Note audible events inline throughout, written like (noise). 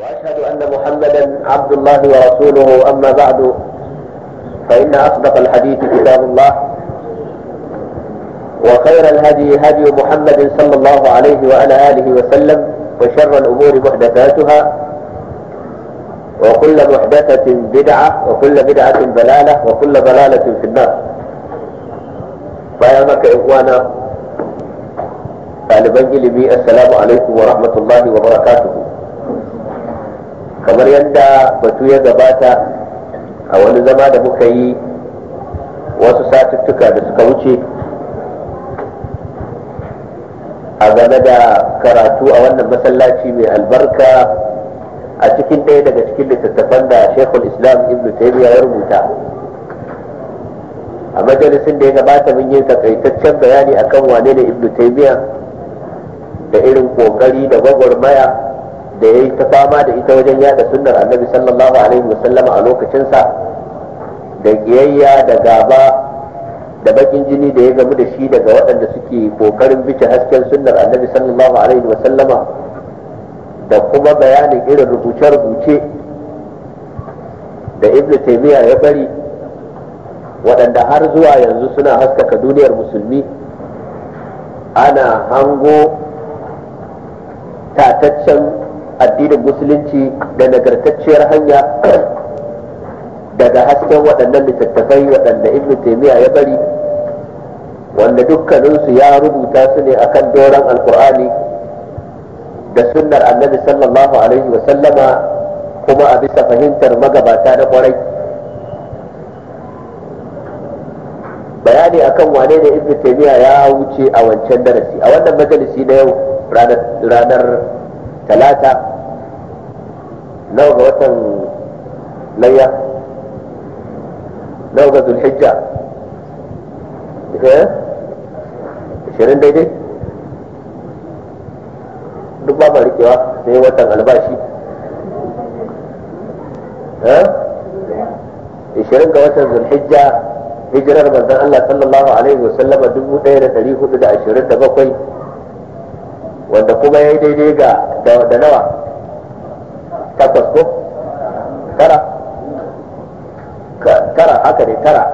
واشهد ان محمدا عبد الله ورسوله اما بعد فان اصدق الحديث كتاب الله وخير الهدي هدي محمد صلى الله عليه وعلى اله وسلم وشر الامور محدثاتها وكل محدثه بدعه وكل بدعه ضلاله وكل ضلاله في النار فيامك اخوانا طالبا السلام عليكم ورحمه الله وبركاته kamar yadda batu ya gabata a wani zama da muka yi wasu satuttuka da suka wuce a game da karatu a wannan masallaci mai albarka a cikin ɗaya daga cikin littattafan da shekul islam ibn taymiya ya rubuta a majalisin da ya gabata mun yi takaitaccen bayani akan wane ne ibn taymiya da irin kokari da gwagwarmaya da ya yi ta fama da ita wajen yada sunnar annabi sallallahu alaihi wasallam a lokacinsa da giyayya da gaba da bakin jini da ya gamu da shi daga waɗanda suke kokarin bice hasken sunnar annabi sallallahu alaihi wasallama da kuma bayanin irin rubuce-rubuce da ibn taymiya ya bari waɗanda har zuwa yanzu suna haskaka duniyar musulmi ana hango tataccen addinin musulunci da nagartacciyar hanya daga hasken waɗannan littattafai waɗanda ibn taymiya ya bari wanda dukkaninsu ya rubuta su ne akan doron alkur'ani da sunnar annabi sallallahu alaihi sallama kuma a bisa fahimtar magabata na kwarai bayani akan wane ne ibn taymiya ya wuce a wancan darasi a wannan majalisi na yau ranar talata nawa ga watan layya nawa ga zulhijja eh? ashirin daidai duk ba ba rikewa sai watan albashi Ishirin eh? ga watan zulhijja hijirar manzon Allah sallallahu alaihi wasallama dubu ɗaya da ɗari hudu da ashirin da bakwai wanda kuma ya yi daidai ga da nawa takwas ko tara tara haka ne tara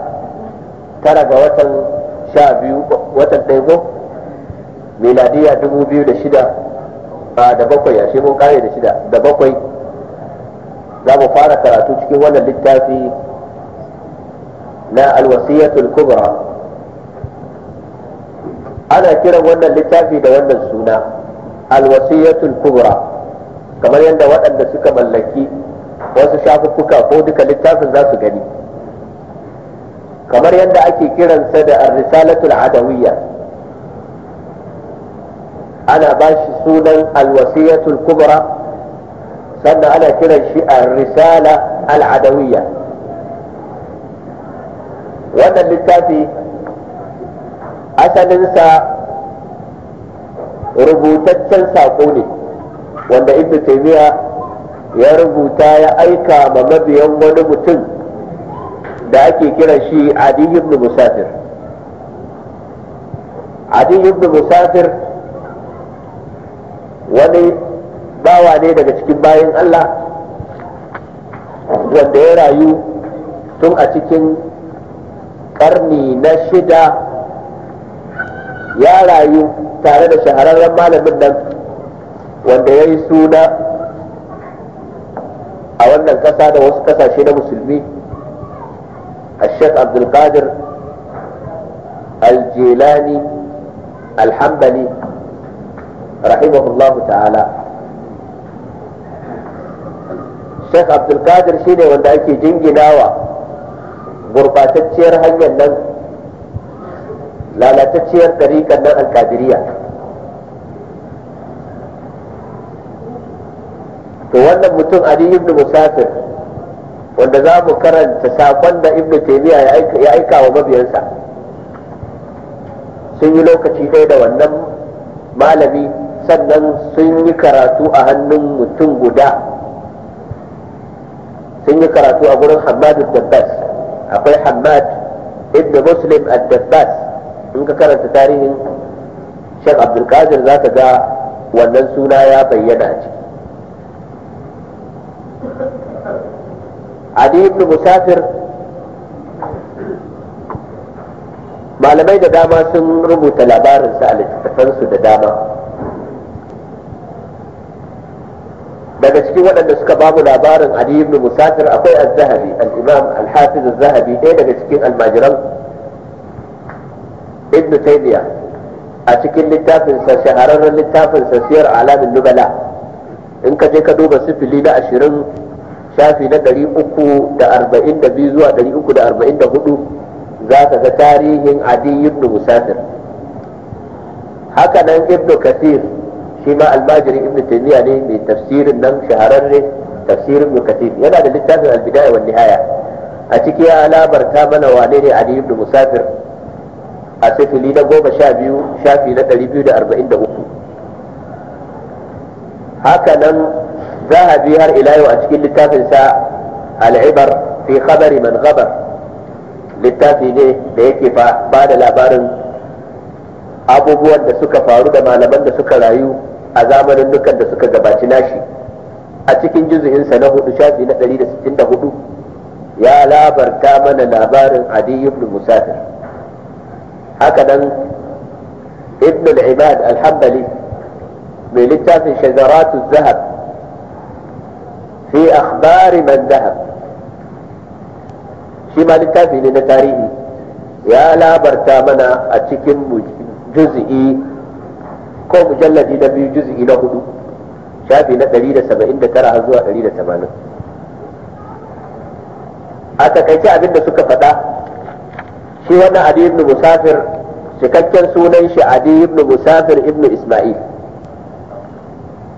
tara ga watan sha biyu watan ɗaya ko miladiya dubu biyu da shida a da bakwai a shi mun kare da shida da bakwai za mu fara karatu cikin wannan littafi na alwasiyatul kubra ana kiran wannan littafi da wannan suna alwasiyatul kubra kamar yadda waɗanda suka mallaki wasu shafuffuka ko duka littafin za su gani kamar yadda ake kiransa da ar-risalatul adawiyya ana ba shi sunan alwasiyatul kubra sannan ana kiran shi a risala al wannan littafi asalinsa rubutaccen saƙo ne wanda ibn ya rubuta ya aika ma mabiyan wani mutum da ake kira shi adi ibn musafir adi ibn musafir wani bawa ne daga cikin bayan allah wanda ya rayu tun a cikin karni na shida ya rayu tare da shahararren malamin nan wanda ya yi suna a wannan ƙasa da wasu ƙasashe na musulmi الشيخ عبد القادر الجيلاني الحنبلي رحمه الله تعالى الشيخ wanda ake jinginawa gurbatacciyar hanyar nan lalatacciyar ɗariƙar nan alkadiriya to wannan mutum ali ibn musafir wanda za mu karanta sakon da ibn taymiya ya aika wa mabiyansa sun yi lokaci ɗaya da wannan malami sannan sun yi karatu a hannun mutum guda sun yi karatu a gurin hamad dabbas akwai hamad ibn muslim dabbas in ka karanta tarihin shan abdulkadir za ka ga wannan suna ya bayyana a ciki adi ibn musafir malamai da dama sun rubuta labarinsa a littattafansu da dama daga cikin waɗanda suka babu labarin Ali ibn Musafir akwai az-Zahabi al-Imam al-Hafiz az-Zahabi ɗaya daga cikin almajiran Ibn Taymiyyah a cikin littafin sa shahararren littafin sa Siyar Alamin Nubala in ka je ka duba sifili na ashirin shafi na 342 zuwa 344 za ka ga tarihin adi ibn musafir haka nan ibn kathir shi ma almajiri ibnu taymiya ne mai tafsirin nan shahararre tafsirin ibnu kasir yana da littafin albidaya wa nihaya a ciki ya alabarta mana wane ne adi ibn musafir a sifili na goma sha biyu shafi na 243 haka nan zahabi har ila yau a cikin littafin sa al'ibar fi khabari man ghabar littafi ne da yake ba da labarin abubuwan da suka faru da malaman da suka rayu a zamanin dukan da suka gabaci nashi a cikin sa na hudu shafi na 164 ya labarta mana labarin adi ibn musafir haka nan ibn al-ibad al-hanbali mai littafin shajaratu zahab e akhbari man dhahab ma littafi ne na tarihi ya labarta mana a cikin juz'i ko mujalladi na biyu na hudu shafi na 179 har zuwa a takaice abin da suka faɗa shi wannan adi ibn musafir cikakken sunan shi adi ibn musafir ibn isma'il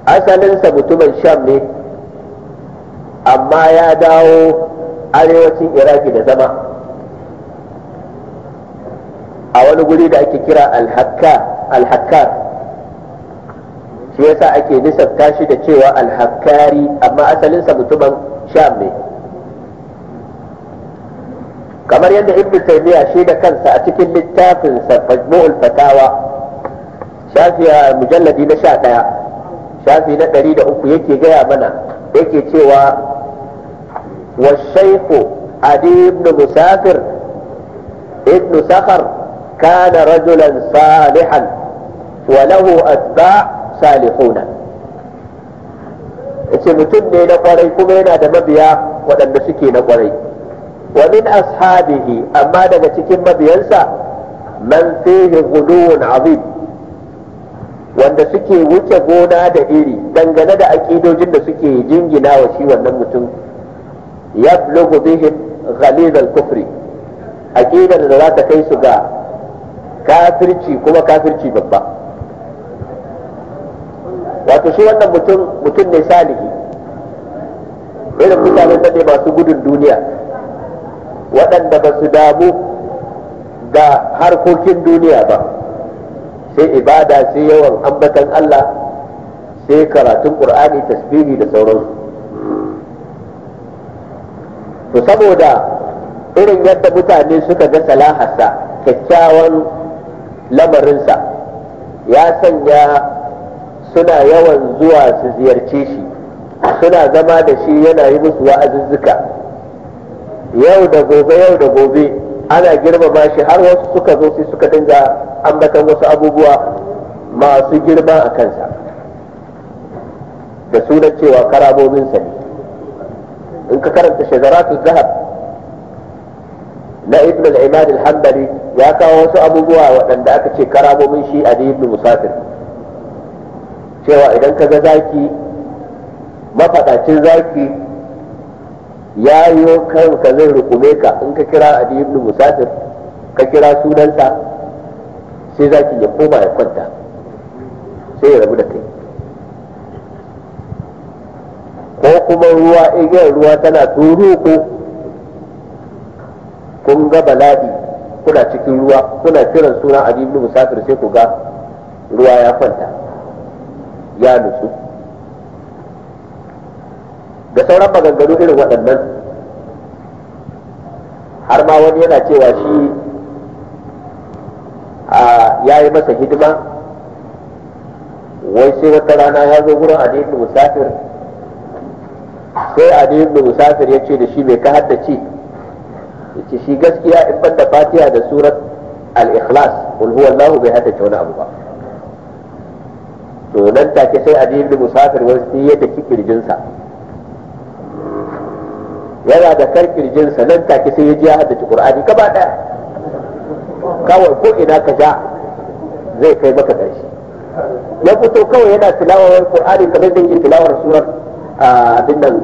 asalinsa mutumin sham ne amma ya dawo arewacin iraki da zama a wani guri da ake kira alhakkar shi yasa ake nisabta shi da cewa alhakkari amma asalinsa mutumin sham ne kamar yadda ibn taymiya shi da kansa a cikin littafinsa majmu'ul fatawa shafiya mujalladi na sha ɗaya shafi na ɗari da uku yake gaya mana yake cewa والشيخ عدي بن مسافر ابن سخر كان رجلا صالحا وله أتباع صالحون ce mutum ne na kwarai kuma yana da mabiya waɗanda suke na kwarai wa min ashabihi amma daga cikin mabiyansa man fihi ghuluwun azim wanda suke wuce gona da iri dangane da aƙidojin da suke jingina wa shi wannan mutum yablughu bihim ghaliz al-kufri aqidar da za ta kai su ga kafirci kuma kafirci babba wato shi wannan mutum mutum ne salihi irin mutanen da ne masu gudun duniya waɗanda ba su damu ga harkokin duniya ba sai ibada sai yawan ambatan Allah sai karatun ƙur'ani tasbihi da sauransu to saboda irin yadda mutane suka ga Salahasa, kyakkyawan lamarinsa ya sanya suna yawan zuwa su ziyarce shi suna zama da shi yana yi musu wa'azuzzuka yau da gobe yau da gobe ana girmama shi har wasu suka zo sai suka dinga ambatan wasu abubuwa masu girma a kansa da sunan cewa karamominsa ne in ka karanta shagaratu zahab na ibn al-imad ya kawo wasu abubuwa waɗanda aka ce karamomin shi ali ibn musafir cewa idan ka ga zaki mafaɗacin zaki ya yi ka zai rukume ka in ka kira ali ibn musafir ka kira sunansa sai zakin ya koma ya kwanta sai ya rabu da kai kuma ruwa igiyar ruwa tana turuku kun ga bala'i kuna cikin ruwa kuna kiran sunan musafir sai ku ga ruwa ya kwanta ya nutsu da sauran maganganu irin waɗannan har ma wani yana cewa shi ya yi masa hidima wai sai wata rana ya zo gurin adibin musafir sai ali ibn musafir ya ce da shi mai ka haddace yace shi gaskiya in banda fatiha da surat al-ikhlas qul huwallahu bai haddace wani abu ba to nan take sai ali ibn musafir wani ya daki kirjinsa yana da kar kirjinsa nan take sai ya ji ya haddace qur'ani gaba daya kawai ko ina ka ja zai kai maka ƙarshe ya fito kawai yana tilawar qur'ani kamar da yake tilawar surat. abin nan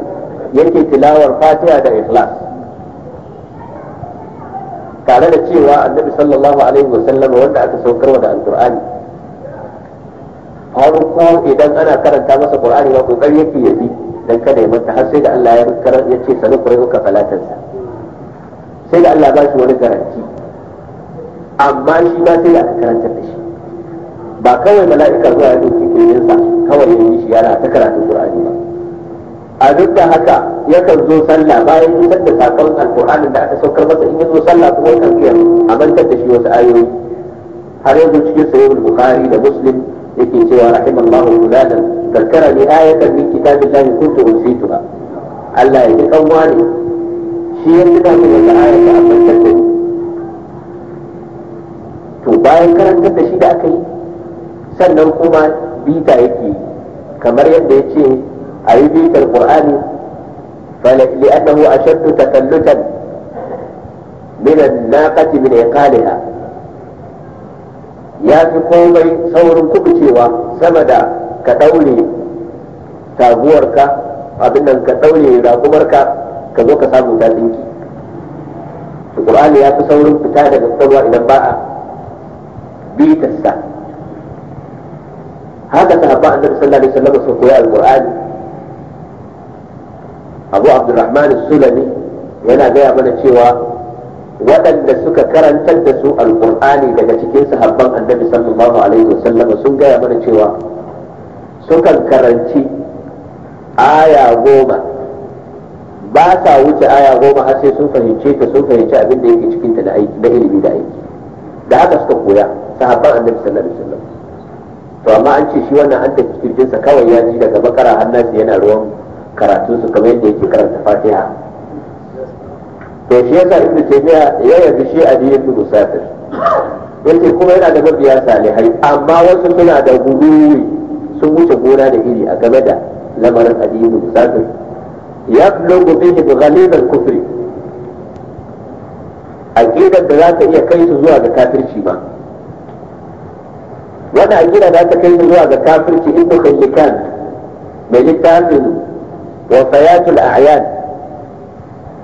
yake tilawar fatiha da ikhlas tare da cewa annabi sallallahu alaihi wasallam wanda aka wa da alqur'ani farko idan ana karanta masa qur'ani ba kokari yake ya bi dan kada ya manta har sai da Allah ya karanta ya ce sanu ka falatan sa sai da Allah ba shi wani garanti amma shi ba sai da aka karanta da shi ba kawai mala'ika zuwa ya dauki kirjinsa kawai ya yi shi yana ta karatu qur'ani ba a duk da haka yakan zo sallah bayan isar da sakon alkur'anin da aka saukar masa in ya zo sallah kuma ya fiya a mantar da shi wasu ayoyi har yanzu cikin sahihul bukhari da muslim yake cewa rahimallahu uladan karkara ne ayatan min kitabillahi kuntu unsituha Allah ya ji kan wani shi ya tuna kan wani ayar da aka mantar da to bayan karantar da shi da aka yi sannan kuma bita yake kamar yadda ya ce أي في القرآن لأنه أشد تفلتا من الناقة من عقالها ya fi komai saurin kubucewa sama da ka ɗaure ka, abin nan ka ɗaure rakumarka ka zo ka samu ta tsinki ƙur'ani ya fi saurin fita daga kwakwalwa idan ba a bitarsa haka ta haɓa annabi sallallahu alaihi wasallam su koyi alƙur'ani abu abdurrahman sulami yana gaya mana cewa waɗanda suka karantar da su alƙur'ani daga cikin sahabban annabi sallallahu alaihi wasallam sun gaya mana cewa sukan karanci aya goma ba sa wuce aya goma har sai sun fahimce ta sun fahimci abin da yake cikinta da aiki da ilimi da aiki da haka suka koya sahabban annabi sallallahu alaihi wasallam to amma an ce shi wannan an tafi kirjinsa kawai ya ji daga bakara har nasi yana ruwan karatun su kamar yadda yake karanta fatiha to shi yasa ibnu taymiya ya yabi shi adiyin ibnu musafir yace kuma yana da mabiya salihai amma wasu suna da gururi sun wuce gona da iri a game da lamarin adiyin ibnu musafir yablugu bihi ghaliban kufri aqidar da za ta iya kai su zuwa ga kafirci ba wannan aqida za ta kai su zuwa ga kafirci ibnu khayyikan mai littafin wa a a'yan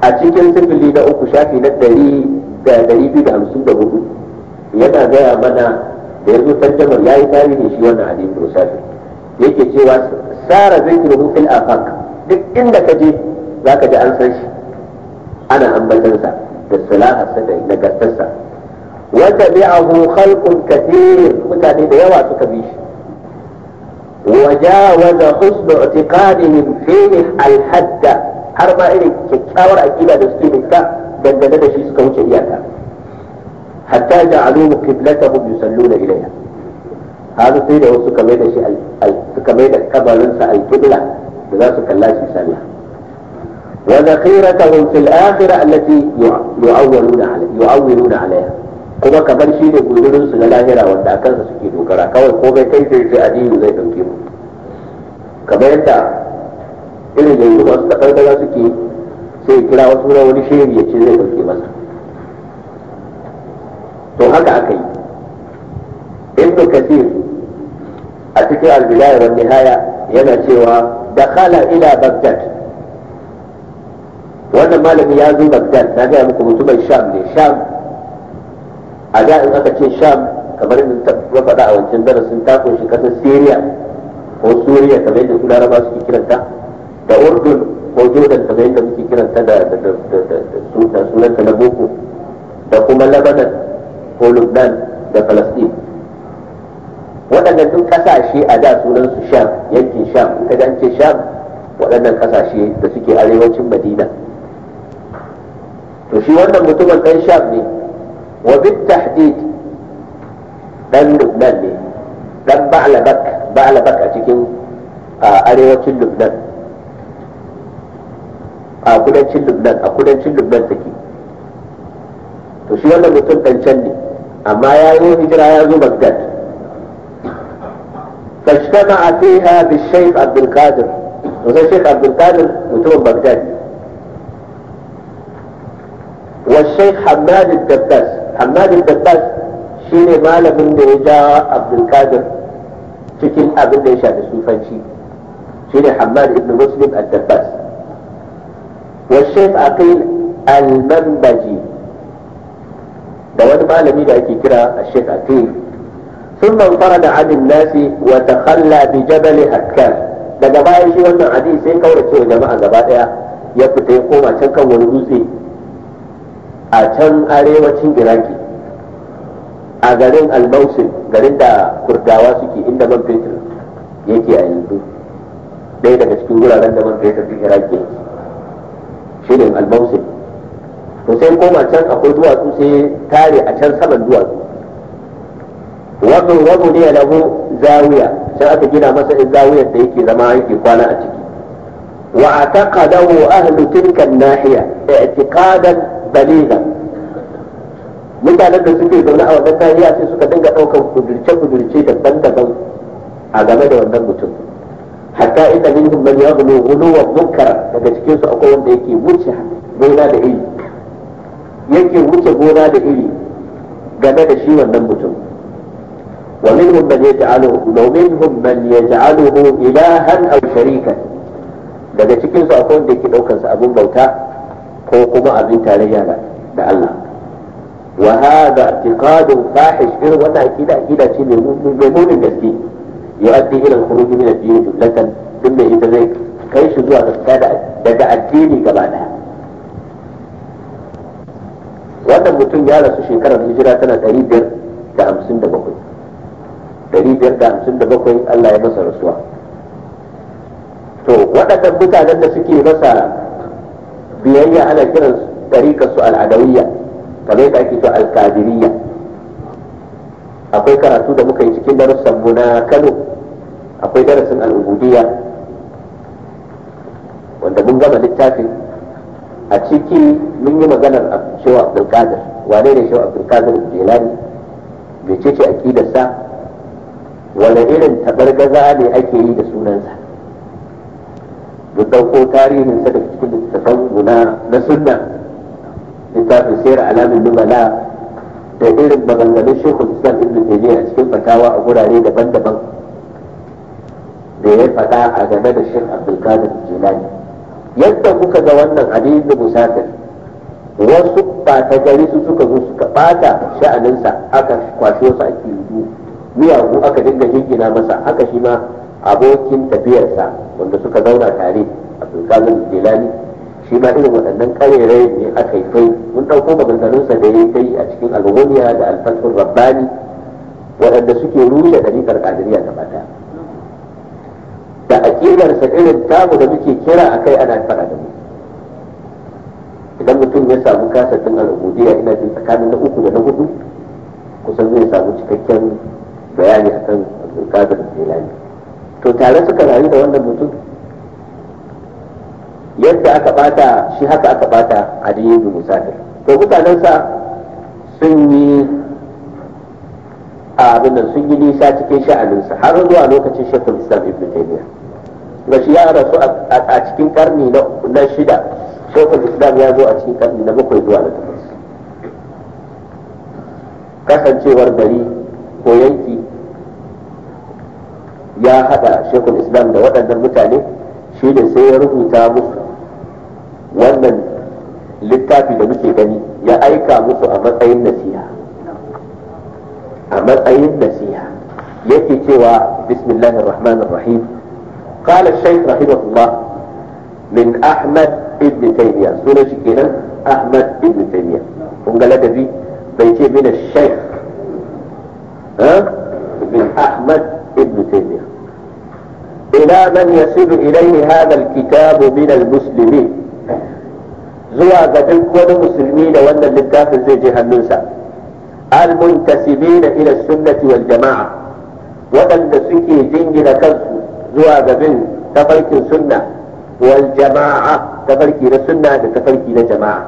a cikin sifili na uku shafi na ɗari biyu da hamsin da hudu yana gaya mana da ya zo tarjamar ya yi tarihi shi wannan hadisi musafi yake cewa sara zikiru fil afaq duk inda ka je za ka ji an san ana ambatansa da salaharsa da nagartarsa wata bi'ahu khalqun kathir mutane da yawa suka bi shi وجاوز حسن اعتقادهم فيه الحد har ma irin kyakkyawar aƙida da suke dukka dangane da shi suka wuce iyaka hatta ja'alu qiblatahum yusalluna ilayha har da wasu kamar da shi suka mai da kabarin sa kuma kamar shi ne gudurin su na lahira wanda a kansa suke dogara kawai komai kai sai sai addini zai dauke mu kamar yadda irin yanzu masu takardara suke sai kira wasu na wani shiri ya ce zai dauke masa to haka aka yi ka ce a cikin albidaya wa nihaya yana cewa da khala ila bagdad wannan malami ya zo bagdad na gaya muku mutumin sham ne sham a da in aka ce sham kamar yadda ta faɗa a wancan darasin ta kunshi ƙasar syria ko suriya kamar yadda su laraba suke kiranta da urdun ko jordan kamar yadda muke kiranta da sunanta na boko da kuma lebanon ko lubnan da palestine waɗannan duk ƙasashe a da sunansu sham yankin sham in ka ce sham waɗannan ƙasashe da suke arewacin madina to shi wannan mutumin ɗan sham ne وبالتحديد dan lubnan ne dan ba'alabak ba'alabak a cikin arewacin lubnan a kudancin lubnan a kudancin lubnan take to shi wannan mutum dan can ne amma ya yi hijira ya zo bagdad فاجتمع فيها بالشيخ عبد القادر وزي الشيخ عبد القادر متوم بغداد والشيخ حماد الدباس Hamad al-Dabbas shine malamin da ya ja Abdulkadir cikin abin da ya shafi sufanci shine Hamad ibn Muslim al-Dabbas wa Sheikh Aqil al-Manbaji da wani malami da ake kira a Sheikh Aqil ثم انفرد عن الناس وتخلى بجبل هكام daga bayan shi wannan hadisi sai kaurace wa jama'a gaba daya ya fita ya koma can kan wani dutse a can arewacin iraki a garin almausin garin da kurdawa suke inda man fetur yake a yanzu ɗaya daga cikin wuraren da man fetur da iraki shi ne almausin to sai koma can akwai duwatsu sai tare a can saman duwatsu wannan rabu ne lagu zawiya sai aka gina masa in zawiyar da yake zama yake kwana a ciki wa a ataqadahu ahlu tilka an-nahiya i'tiqadan قليلا mutanen da suke zaune a wannan kariya sai suka dinga ɗaukar kudurce-kudurce daban-daban a game da wannan mutum hatta inda minhum man yaghlu wa munkara daga cikin su akwai wanda yake wuce gona da iri yake wuce gona da iri game da shi wannan mutum wa minhum man yaj'aluhu law minhum man yaj'aluhu ilahan aw sharikan daga cikin su akwai wanda yake daukar sa abun bauta ko kuma abin tarayya da Allah wa hadha i'tiqadun fahish irin wannan aqida aqida ce mai mummunin gaske yu'addi ila al-khuruj min ad-din jumlatan duk mai ita zai kai shi zuwa gaskiya daga addini gaba daya wannan mutum ya rasu shekarar hijira tana 557 557 Allah ya masa rasuwa to waɗannan mutanen da suke masa biyayya ana kiran tariƙa su al'adawiyya kamar yadda ake cewa alkadiriyya akwai karatu da muka yi cikin darussan mu na Kano akwai darasin al'ubudiyya wanda mun gama littafin a ciki mun yi maganar shehu abdulkadir wane ne shehu abdulkadir jelani bai ce ce aƙidarsa wani irin tabargaza ne ake yi da sunansa mu ɗauko tarihin sa da cikin littattafan na sunna littafin sayar alamin nubala da irin maganganun shekul islam ibn taymiya a cikin fatawa a gurare daban-daban da ya faɗa a game da shek abdulkadir jilani yadda kuka ga wannan hadisin musafir wasu ta gari su suka zo suka ɓata sha'aninsa aka kwashe wasu ake yi miyagu aka dinga jingina masa haka shi ma abokin tafiyarsa wanda suka zauna tare tsakanin jilani shi ma irin waɗannan ƙarerai ne aka yi fai mun ɗauko maganganunsa da ya kai a cikin alghuniya da alfatul rabbani waɗanda suke rushe ɗariƙar ƙadiriya ta mata da aƙidarsa irin tamu da muke kira a kai ana faɗa da mu idan mutum ya samu kasafin al'ubudiyya ina jin tsakanin na uku da na hudu kusan zai samu cikakken bayani akan abdulkadir jilani to tare suka rayu da wannan mutum yadda aka bata shi haka aka bata a da bin musafir to mutanensa sun yi abin da sun yi nisa cikin sha'aninsa har zuwa lokacin shekul islam ibn taymiya ga shi ya rasu a cikin karni na shida shekul islam ya zo a cikin karni na bakwai zuwa na takwas kasancewar gari ko yanki ya hada shekul islam da waɗannan mutane shi ne sai ya rubuta musu wannan littafi da muke gani ya aika musu a matsayin nasiha a matsayin nasiha yake cewa bismillahir rahmanir rahim qala قال الشيخ رحمه الله من أحمد ابن تيمية ahmad ibn taymiyyah kun ga ladabi bai ce min shaykh ها من ahmad ibn taymiyyah إلى من يصل إليه هذا الكتاب من المسلمين zuwa ga duk wani musulmi da wannan littafin zai je hannunsa almuntasibina ila sunnati wal jama'a waɗanda suke jingina kansu zuwa ga bin tafarkin wal jama'a tafarki na sunna da tafarki na jama'a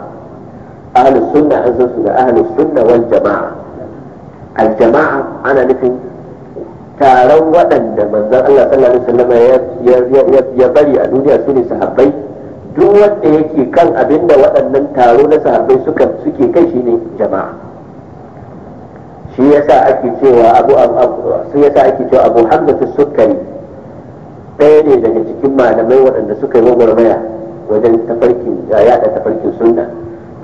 ahlus da wal jama'a al jama'a ana nufin taron waɗanda manzan Allah sallallahu alaihi wasallam ya bari a duniya su ne sahabbai duk wanda yake kan abin da waɗannan taro na sahabbai suka suke kai shi ne jama'a shi yasa ake cewa abu sai yasa ake cewa abu hamdatu sukkari ɗaya ne daga cikin malamai waɗanda suka yi gwagwarmaya wajen tafarkin yaɗa tafarkin sunna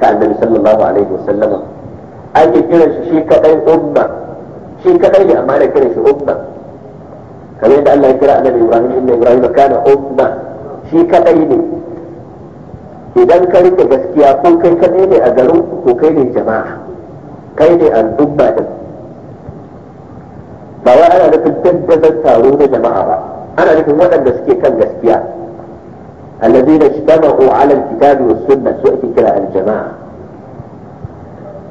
ta annabi sallallahu alaihi wasallam ake kiran shi shi kadai umma shi kadai ne amma ana kiran shi umma kamar yadda Allah ya kira annabi Ibrahim inna Ibrahim kana umma shi kadai ne idan ka rike gaskiya ko kai kadai ne a garin ko kai ne jama'a kai ne al'umma din ba wai ana nufin dandazon taro na jama'a ba ana nufin waɗanda suke kan gaskiya الذين اجتمعوا على الكتاب والسنة سؤال كلا Aljama'a.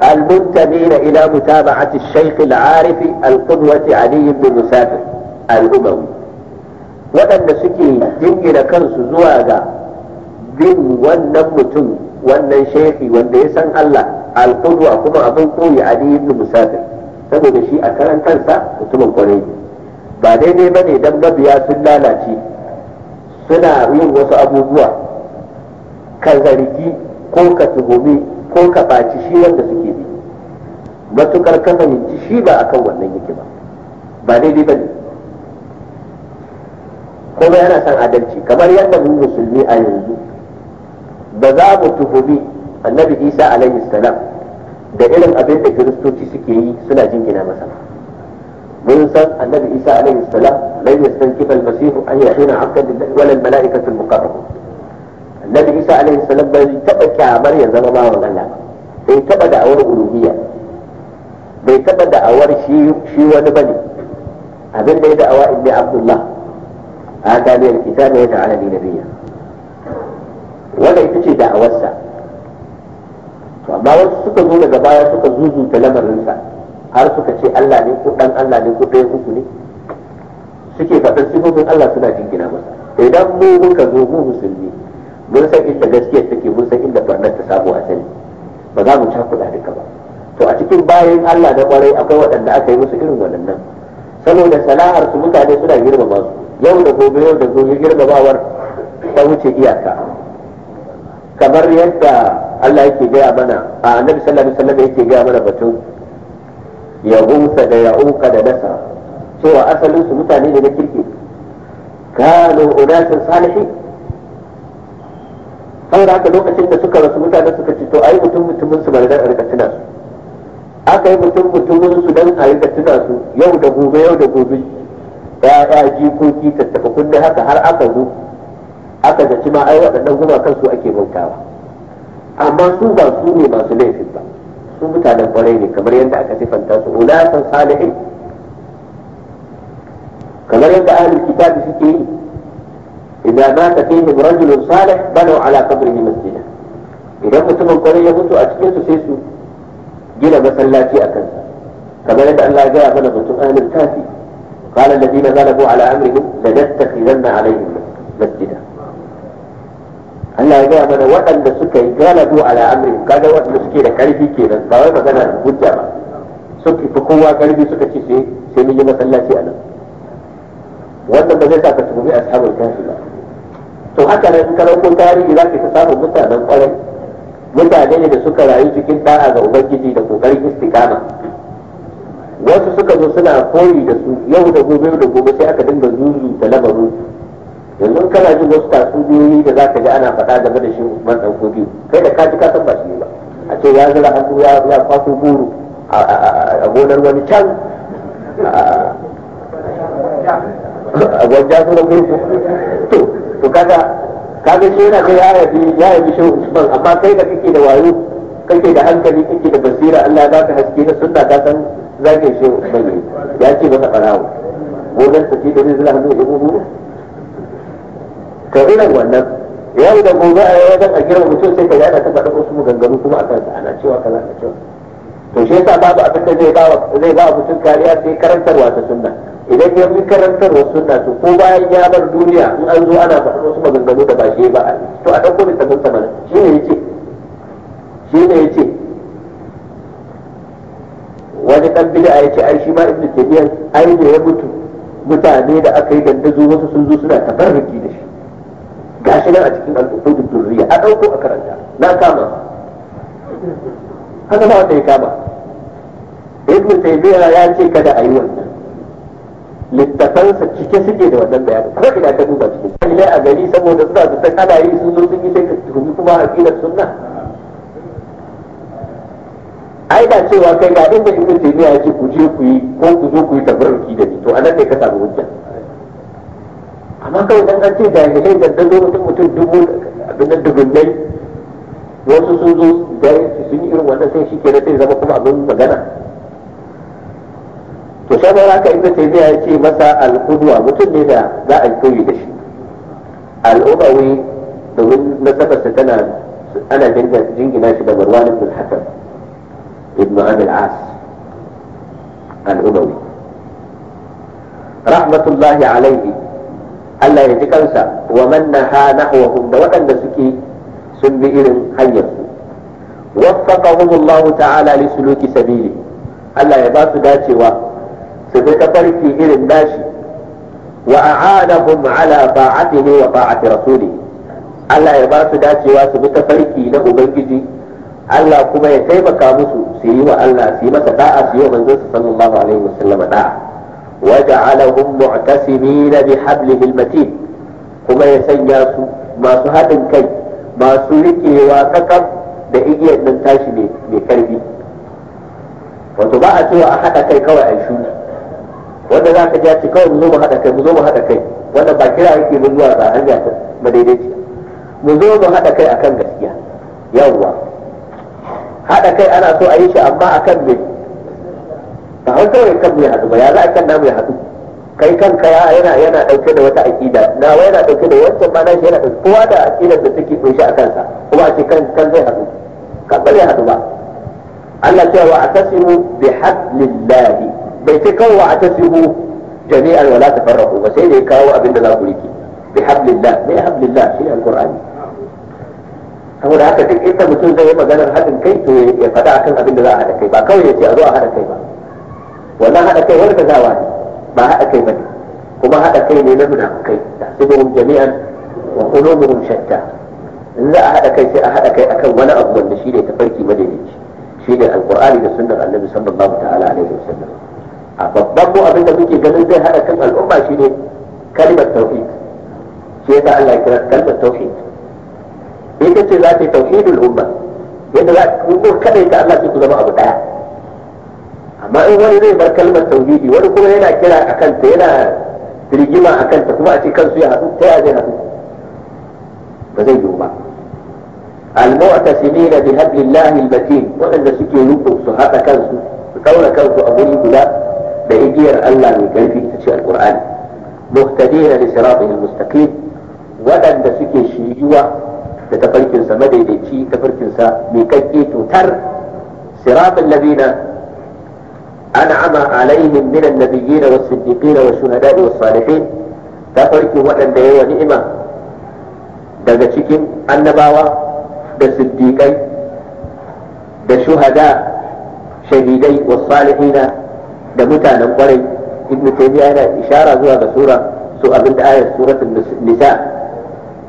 المنتمين إلى متابعة الشيخ العارف القدوة علي بن مسافر الأموي waɗanda suke jingina kansu zuwa ga bin wannan mutum wannan shehi wanda ya san Allah alƙudwa kuma abin koyi Ali ibn Musafir saboda shi a karan kansa mutumin kwarai ba daidai ne don mabiya sun lalace suna yin wasu abubuwa ka zargi ko ka tuhumi ko ka baci shi wanda suke bi matukar ka fahimci shi ba akan wannan yake ba ba daidai ba ne kuma yana son adalci kamar yadda mu musulmi a yanzu ba za mu tuhumi annabi isa alaihi salam da irin abin da kiristoci suke yi suna jingina masa mun san annabi isa alaihi salam lai yastankifa almasihu an yakuna abdan lillahi wal malaikatu almuqarrabun annabi isa alaihi salam bai taba kyamar ya zama bawan Allah bai taba da awar uluhiyya bai taba da'awar shi shi wani bane abin da ya da'awa inni abdullah a aka ne alkitabu ya da ni nabiyya wanda ita ce da'awarsa to amma wasu suka zo daga baya suka zuzuta lamarinsa har suka ce Allah ne ko dan Allah ne ko ɗaya uku ne suke faɗin sifofin Allah suna jingina masa idan mu muka zo mu musulmi mun san inda gaskiyar take mun san inda barnar ta samu sani ba za mu ci cakuɗa duka ba to a cikin bayan Allah na kwarai akwai waɗanda aka yi musu irin waɗannan saboda sana'ar su mutane suna girmama su yau da gobe yau da gobe girmamawar ta wuce iyaka kamar yadda Allah yake gaya mana a annabi sallallahu alaihi wasallam yake gaya mana batun ya umsa da ya uka da nasa cewa asalin su mutane ne na kirki kano unasun salihin saboda haka lokacin da suka rasu mutane suka ce to ai mutum mutumin su bari dan a tuna su aka yi mutum mutumin su dan a rika tuna su yau da gobe yau da gobe ya jikoki tattafa kunne haka har aka zo aka ga ma ai waɗannan gumakan su ake bautawa amma su ba su ne masu laifin ba su mutanen kwarai ne kamar yadda aka sifanta su ulatan salihin kamar yadda ahlul kitabi suke yi idza mata fihim rajulun salih banu ala qabrihi masjida idan mutumin kwarai ya mutu a cikin su sai su gina masallaci a kansa kamar yadda Allah ya gaya mana قال الذين غلبوا على امرهم لنتخذن عليهم مسجدا Allah ya gaya mana waɗanda suka yi galabu ala amrin kaga waɗanda suke da ƙarfi kenan ba wai magana hujja ba suka fi kowa ƙarfi suka ci sai mun yi masallaci a nan wannan ba zai sa ka tuhumi ashabul kafi ba to haka nan ka ko tarihi za ka samu mutanen kwarai mutane ne da suka rayu cikin da'a ga ubangiji da kokarin istikama wasu suka zo suna koyi da su yau da gobe da gobe sai aka dinga zuzu da lamaru yanzu kana jin wasu tatsuniyoyi da za ka ji ana faɗa game da shi usman ɗan kogi kai da kaji ka san ba shi ba a ce ya zira hannu ya kwaso buru a gonar wani can a wajen sunan gurgu to to kaga kaga shi yana kai ya bi ya yabi shi usman amma kai da kake da wayo kake da hankali kake da basira Allah ya baka haske na sunna ka san zaka shi usman ne ya ce masa farawo gonar tafi da zai zira hannu ya gugu to irin wannan yau da gobe a yau dan a girma mutum sai ka da ta da wasu maganganu kuma a kan ana cewa kaza ana cewa to shi yasa babu abin da zai ba zai ba mutum kariya sai karantarwa ta sunna idan ya karantar karantarwa na to ko bayan ya bar duniya in an zo ana faɗin wasu maganganu da ba shi ba a to a ɗauko littafin sa mana shi ne ce shi ne ya ce. wani ɗan a ya ce ai shi ma ibn taymiyyah ai ne ya mutu mutane da aka yi dandazo wasu sun zo suna tabarruki da shi Ga shi nan a cikin al'ummar duriya a ɗauko a karanta na kama haka ba wanda ya kama ibn taymiyyah ya ce kada a yi wannan littafansa cike suke da wannan bayanin ko ina ta duba cikin dalilai a gari saboda suna da ta kada yi su sun yi sai ka tuhumi kuma aqidar sunna ai da cewa kai ga inda ibnu taymiya ya ce ku je ku yi ko ku zo ku yi tabarruki da ni to anan ne ka samu hujja amma kawai dan an ce jahilai da dan zo mutum mutum dubu abin nan dubunnai wasu sun zo da sun yi irin wannan sai shi ke sai zama kuma abin magana to shagar haka ibnu taymiya ya ce masa al-qudwa mutum ne da za a yi koyi da shi al-ubawi domin nasabarsa tana ana jingina shi da marwan ibn al-hakam ibn abi al-as al-ubawi rahmatullahi alayhi Allah ya ji kansa wa man naha nahwahum da waɗanda suke sun bi irin hanyarsu waffaqahum Allah ta'ala li suluki sabili Allah ya ba su dacewa su bi tafarki irin nashi wa a'anahum ala ta'atihi wa ta'ati rasulih Allah ya ba su dacewa su bi tafarki na ubangiji Allah kuma ya taimaka musu su yi wa Allah su yi masa da'a su yi wa manzon sallallahu alaihi wasallam da'a waja'alahum mu'tasimin bi hablihi matin kuma ya sanya su masu haɗin kai masu riƙewa kakam da igiyar nan tashi mai karfi wato ba a cewa a haɗa kai kawai a shuna wanda za ka ja ce kawai mu zo mu haɗa kai mu zo mu haɗa kai wanda ba kira yake mu zuwa ga hanya ta madaidaiciya mu zo mu haɗa kai akan gaskiya yawwa haɗa kai ana so a yi shi amma akan me ba har kawai kan mu ya haɗu ba ya za a kan namu ya haɗu kai kanka ya yana yana dauke da wata aqida na wai yana dauke da wancan ma shi yana dauke kowa da aqidar da take shi a kansa kuma a ce kan kan zai hadu kan zai hadu ba Allah cewa atasimu bi hablillahi bai ce kawai wa a atasihu jami'an wala tafarraqu ba sai dai kawo abin da za ku rike bi hablillah bi hablillah shi alqur'ani saboda haka duk inda mutum zai yi maganar haɗin kai to ya faɗa akan abin da za a haɗa kai ba kawai ya ce a zo a haɗa kai ba wannan haɗa kai wani gazawa ne ba haɗa kai ba ne kuma haɗa kai ne na munafukai tahsibuhum jami'an wa qulubuhum shatta in za a haɗa kai sai a haɗa kai akan wani abu wanda shi ne tafarki madaidaici shi ne alƙur'ani da sunnar annabi sallallahu ta'ala alaihi wasallam a babban mu abin da muke ganin zai haɗa kan al'umma shine kalmar tauhid shi yasa Allah ya kira kalmar tauhid ita ce za ta yi tauhidul umma yadda za ku kada ita Allah ku zama abu daya amma in wani zai bar kalmar tauhidi wani kuma yana kira a kanta yana rigima a kanta kuma a ce kansu ya haɗu ta ya zai haɗu ba zai yiwu ba المعتصمين بهبل الله المتين وأن سكي يبقوا صحابة كنسو كون كنسو أبوي بلا da igiyar Allah mai karfi ta ce alqur'ani muhtadina li siratihi almustaqim wadanda suke shiyuwa da tafarkin sa madaidaici tafarkin sa mai kakke tutar siratal ladina أنعم عليهم wasu النبيين والصديقين والشهداء والصالحين تفركوا وأن دعوا نئمة daga cikin annabawa da siddiƙai da shuhada shahidai wa salihina da mutanen kwarai ibnu taymiya yana ishara zuwa ga sura su abin da ayat suratul nisa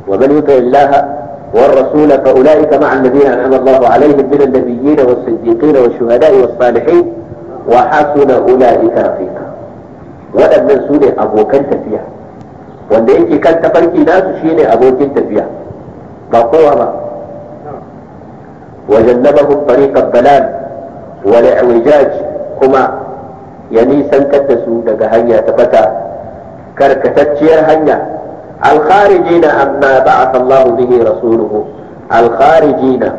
wa man yuti illaha والرسول فأولئك مع الذين أنعم الله عليهم من النبيين والصديقين والشهداء والصالحين وحسن أولئك رفيقا waɗannan su ne abokan tafiya wanda yake kan tafarki nasu shine abokin tafiya ba kowa ba wajen nabahun fariƙar balal wani kuma ya nisantar da su daga hanya ta fata karkatacciyar hanya alkharijina amma ba'atha Allah bihi rasuluhu alkharijina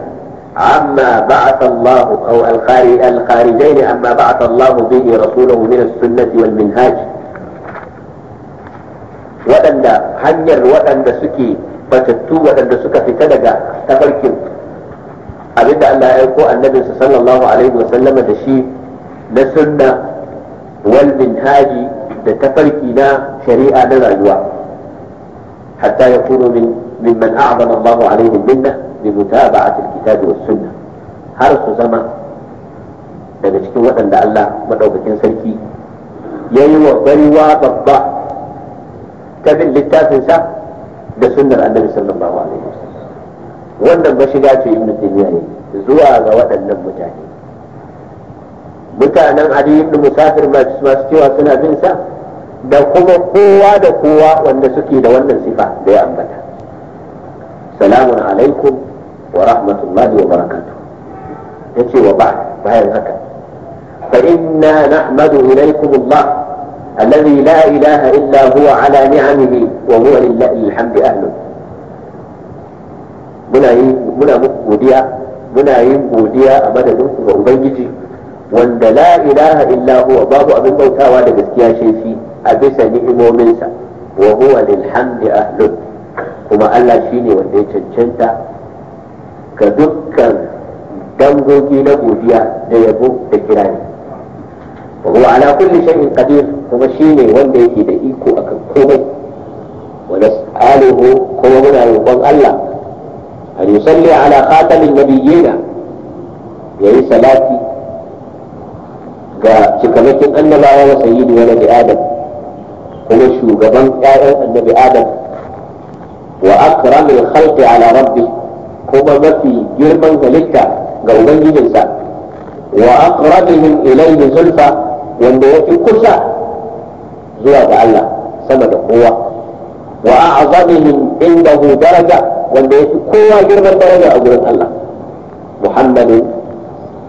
amma ba'atha Allah aw alkharijain amma ba'atha Allah bihi rasuluhu min as-sunnah wal minhaj waɗanda hanyar wadanda suke batattu wadanda suka fita daga tafarkin abinda Allah ya aiko annabinsa sallallahu alaihi wa sallama da shi na sunna wal minhaji da tafarki na shari'a na rayuwa hatta ya kuno min mimman a'azama Allahu alaihim minna bi har su zama daga cikin waɗanda Allah madaukakin sarki yayi wa baiwa babba ta bin littafinsa da sunnar annabi sallallahu alaihi wasallam wannan mashiga ce ibnu taymiya ne zuwa ga waɗannan mutane mutanen ali ibn musafir masu cewa suna bin sa da kuma kowa da kowa wanda suke da wannan sifa da ya ambata salamun alaikum wa rahmatullahi wa ta ce wa ba bayan haka fa inna nahmadu ilaykum Allah الذي لا إله إلا هو على نعمه وهو لله الحمد أهله muna yi muna muku godiya muna yin godiya a madadin ku ga ubangiji wanda la ilaha illa huwa babu abin bautawa da gaskiya ce fi a bisa ni'imominsa wa huwa lil ahlun kuma Allah shine wanda ya cancanta ga dukkan dangogi na godiya da yabo da kirani. wa huwa ala kulli shay'in qadir kuma shine wanda yake da iko akan komai wa nas'aluhu kuma muna roƙon Allah an yusalli ala khatamin nabiyina yayi salati ga cikakken annabawa wa sayyidi wa nabi adam kuma shugaban ƴaƴan annabi adam wa akramil khalqi ala rabbi kuma mafi girman halitta ga ubangijinsa wa aqrabihim ilayhi zulfa wanda yake kusa zuwa ga Allah sama da kowa wa a'zamihim indahu daraja wanda yake kowa girman daraja a gurin Allah muhammadin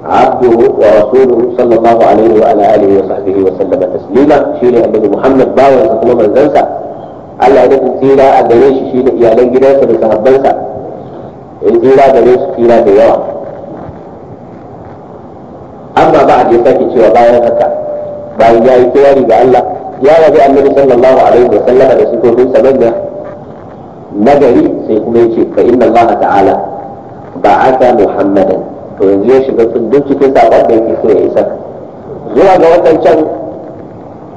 عبده ورسوله صلى الله عليه وعلى آله وصحبه وسلم تسليما شيني النبي محمد باوى يسكما من زنسى Allah ya tsira a gare shi da iyalan gidansa da sahabbansa ya tsira gare su tsira da yawa amma ba a je sake cewa bayan haka bayan ya yi kirari ga Allah ya rabi annabi sallallahu alaihi wa sallama da sifofin sa nagari sai kuma yace fa Allah ta'ala ba'atha to yanzu ya shiga duk cikin sakon da yake so ya isa zuwa ga waɗancan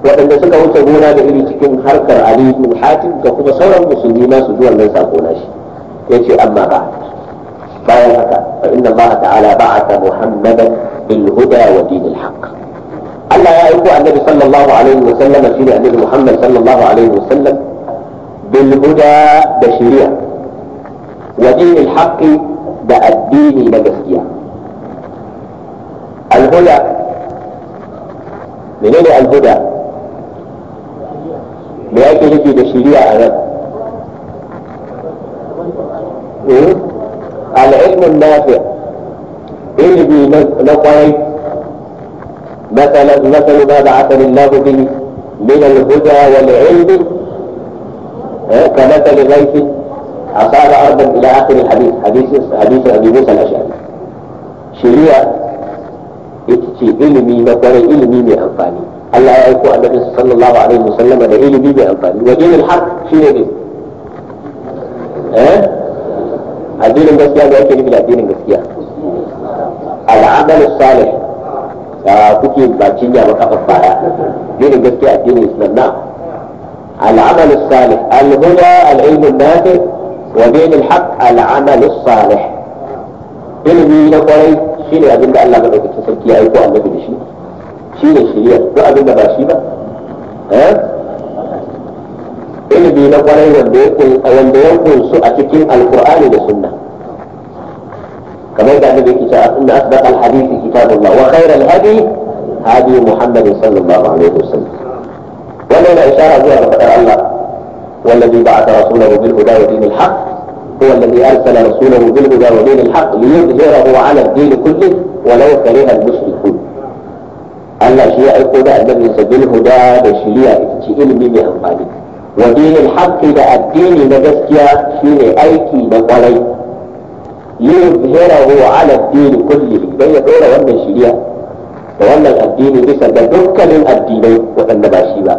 waɗanda suka wuce gona da iri cikin harkar ali ibn hatim da kuma sauran musulmi ma su ji wannan sako na shi yace amma ba bayan haka fa inna Allah ta'ala ba'atha Muhammadan bil huda wa dinil haqq Allah ya aiko annabi sallallahu alaihi wa sallam shi ne annabi Muhammad sallallahu alaihi wa sallam bil huda da shari'a wa dinil haqq da addini na gaskiya الهدى من اين الهدى yake nufi da shiriya a العلم النافع إيه اللي na مثلا مثل مثل ما بعثني الله به من الهدى والعلم كمثل غيث أصاب أرضا إلى آخر الحديث حديث حديث أبي موسى الأشعري شريعة ce ilimi na kwarai ilimi mai amfani Allah ya aiko annabi sallallahu alaihi wasallam da ilimi mai amfani wa dinul haq shine ne eh addinin gaskiya da yake nufi da addinin gaskiya al'amal salih da kuke ba cinya ba kafa baya addinin gaskiya addinin islam na al'amal salih al-huda al-ilm an-nafi wa dinul haq al-amal salih ilimi na kwarai shi ne abin da Allah madaukakin sarki ya aiko annabi da shi shi ne shiriya Ko abin da ba shi ba eh? ilimi na kwarai wanda ya kunsu a cikin alkur'ani da sunna kamar da annabi yake cewa inna asbaq alhadith kitabullah wa khayral hadi hadi muhammad sallallahu alaihi wasallam wannan yana ishara zuwa ga fadar Allah والذي بعث رسوله wa ودين الحق هو الذي ارسل رسوله بالهدى ودين الحق ليظهره على الدين كله ولو كره المشركون قال شيء الهدى لم بنسجل الهدى ده شيء علمي بهمالك ودين الحق ده الدين ده جسكيا شيء ايكي ده ليظهره على الدين كله ده يقول وانا شيء وانا الدين بس ده من الدينين وانا باشيبا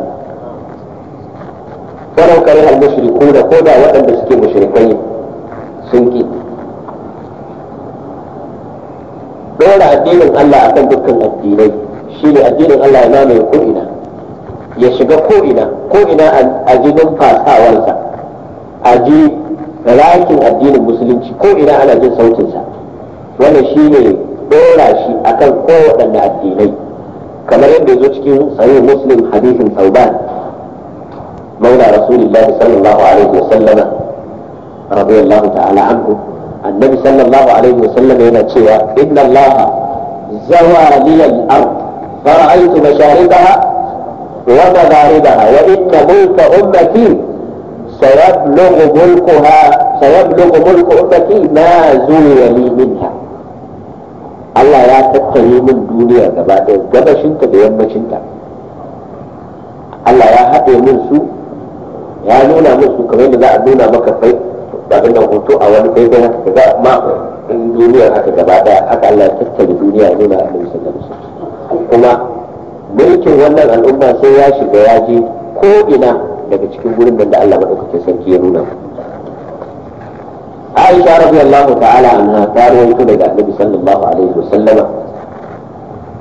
ولو كره المشركون قولا وانا بسكي مشركين sun dora addinin Allah akan dukkan addinai shine addinin Allah ya mamaye ya ya shiga ko'ina, ko'ina a ji fasawarsa a ji rakin addinin musulunci ko'ina ana jin sautinsa wannan shine dora shi akan kowaɗanne addinai kamar yadda ya zo cikin sahih muslim hadisin sauban maula rasulillahi sallallahu alaihi wasallama رضي الله تعالى عنه النبي صلى الله عليه وسلم هنا تشوى إن الله زوى لي الأرض فرأيت مشاربها ومغاربها وإن ملك أمتي سيبلغ ملكها سيبلغ ملك أمتي ما زوي لي منها الله ya tattare من دنيا gaba ɗaya gabashinta بيما yammacinta الله ya haɗe من سوء يا نونا min su kamar da za da abin nan hoto a wani daidai haka ka ga ma in duniyar haka gaba daya haka Allah ya tattare duniya ne ma annabi sallallahu alaihi wasallam kuma mulkin wannan al'umma sai ya shiga ya ko ina daga cikin gurin da Allah madaukakin sarki ya nuna Aisha radiyallahu ta'ala anha ta rawaito daga Annabi sallallahu alaihi wasallama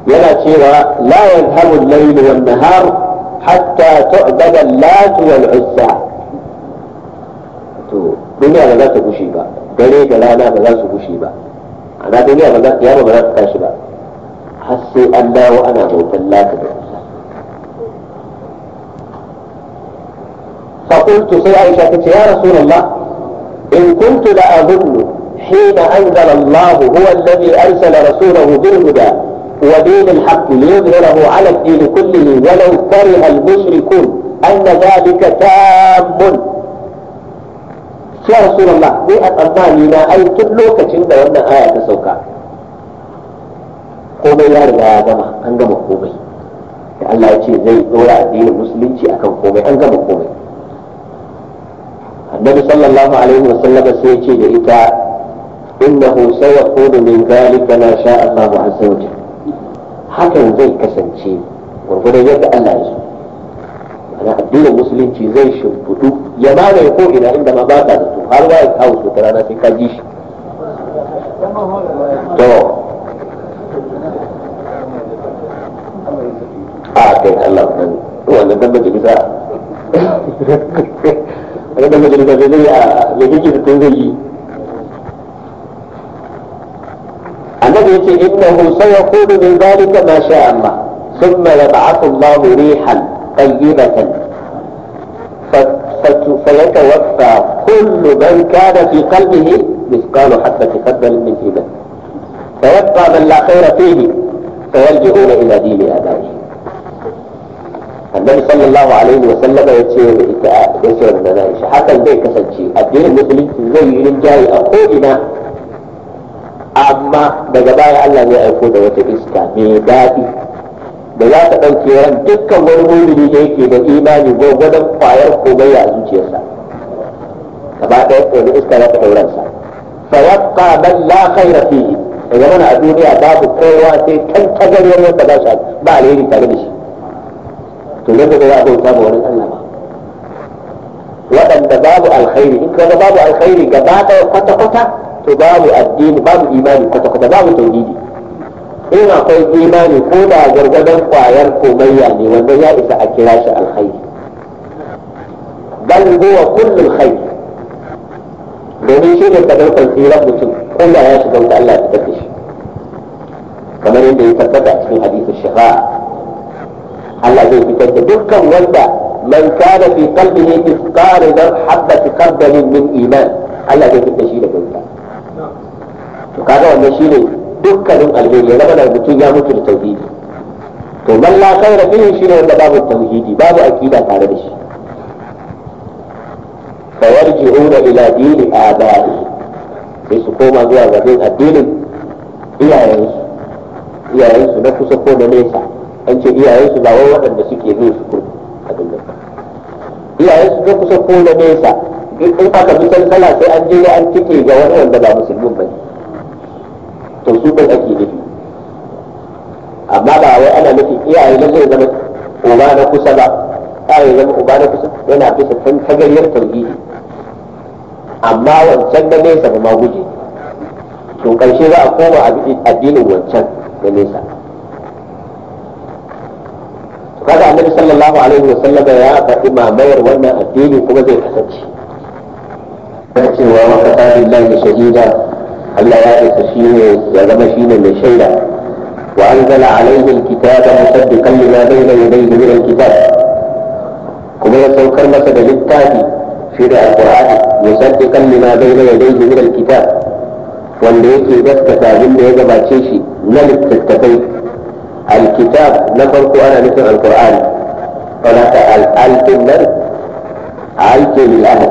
yana cewa la yadhhabu al-layl an nahar hatta tu'bada al-lat wal-'uzza duniya ba za ta gushe ba dare da rana ba za su gushe ba ana duniya ba za ta yawa ba za ta tashi ba har sai an dawo ana bautan laka da kusa فقلت سي عائشة يا رسول الله إن كنت لأظن حين أنزل الله هو الذي أرسل رسوله بالهدى ودين الحق ليظهره على الدين كله ولو كره المشركون أن ذلك تام ya rasulullah ni a tsammani na ai tun lokacin da wannan aya ta sauka komai ya riga ya gama an gama komai da Allah ya ce zai dora addinin musulunci akan komai an gama komai annabi sallallahu alaihi wa sallama sai ya ce da ita innahu sayakunu min zalika ma sha Allah azza wa hakan zai kasance gurgurdan yadda Allah ya so ana addinin musulunci zai shimfidu ya mamaye ko ina inda ma ba ka zato har white house wata rana sai ka ji shi to a kai Allah ku sani wannan dan majalisa wannan dan majalisa zai zai a ya kike da tun zai yi annabi yace innahu sayaqulu min zalika ma sha'a amma thumma yab'athu Allahu rihan tayyibatan فيتوفى كل من كان في قلبه مثقال حبة قدر من إيمان فيبقى من لا خير فيه فيلجئون إلى دين آبائه النبي صلى الله عليه وسلم يتشير بإتعاد يسير المنائش حتى البيت كسجي الدين المسلم زي رجال أخوئنا أما بجباي الله يأخذ وتبسك ميداتي da za ta ɗauke ran dukkan wani mulmuli da yake da imani gwagwadon kwayar komai a zuciyarsa gaba ɗaya wani iska za ta ɗauransa fa yabqa man la khayra fihi da zama a duniya babu kowa sai kan tagariyar wanda ba shi ba alheri tare da shi to yadda da za a bauta ba wani Allah ba waɗanda babu alkhairi in kaga babu alkhairi gaba ɗaya kwata-kwata to babu addini babu imani kwata-kwata babu tauhidi in akwai imani ko da gargadon kwayar komayya ne wanda ya isa a kira shi alkhairi bal huwa kullul khair domin shi ne kadar kwanciyar mutum ko da ya shiga wuta Allah ya tafi shi kamar yadda ya tabbata a cikin hadisin shafa'a Allah zai fitar da dukkan wanda man kana fi qalbihi mithqal habbat khardal min iman Allah zai fitar shi da wuta to kaga wannan shine dukkanin alheri ya zama da mutum ya mutu da tauhidi to man da khaira shi ne wanda babu tauhidi babu aqida tare da shi fa yarji'una ila dini aba'i sai su koma zuwa ga addinin iyayensu iyayensu na kusa ko na nesa an ce iyayensu ba wai waɗanda suke bin su kurkuku a duniya iyayensu na kusa ko na nesa in aka bi salsala sai an je an tike ga wani wanda ba musulmin ba ne to su kai ake nufi amma ba wai ana nufin iyaye na zai zama uba na kusa ba kare zama uba na kusa yana bisa san tagariyar tauhidi amma wancan da nesa ba ma guje to karshe za a koma addinin wancan da nesa kaga annabi sallallahu alaihi wa sallam ya faɗi mamayar wannan addini kuma zai kasance cewa wa qadara lillahi shahida الا يائس شيء وغم شيء لشيء وانزل عليه الكتاب مصدقا لما بين يديه من الكتاب كما يسوى كرمة للتاتي في القرآن مصدقا لما بين يديه من الكتاب والليك يجسك تابين ليجا باتشيشي نلت تتفي الكتاب نفرق أنا نفر القرآن فلاتا الألتن نر عيتي للأهل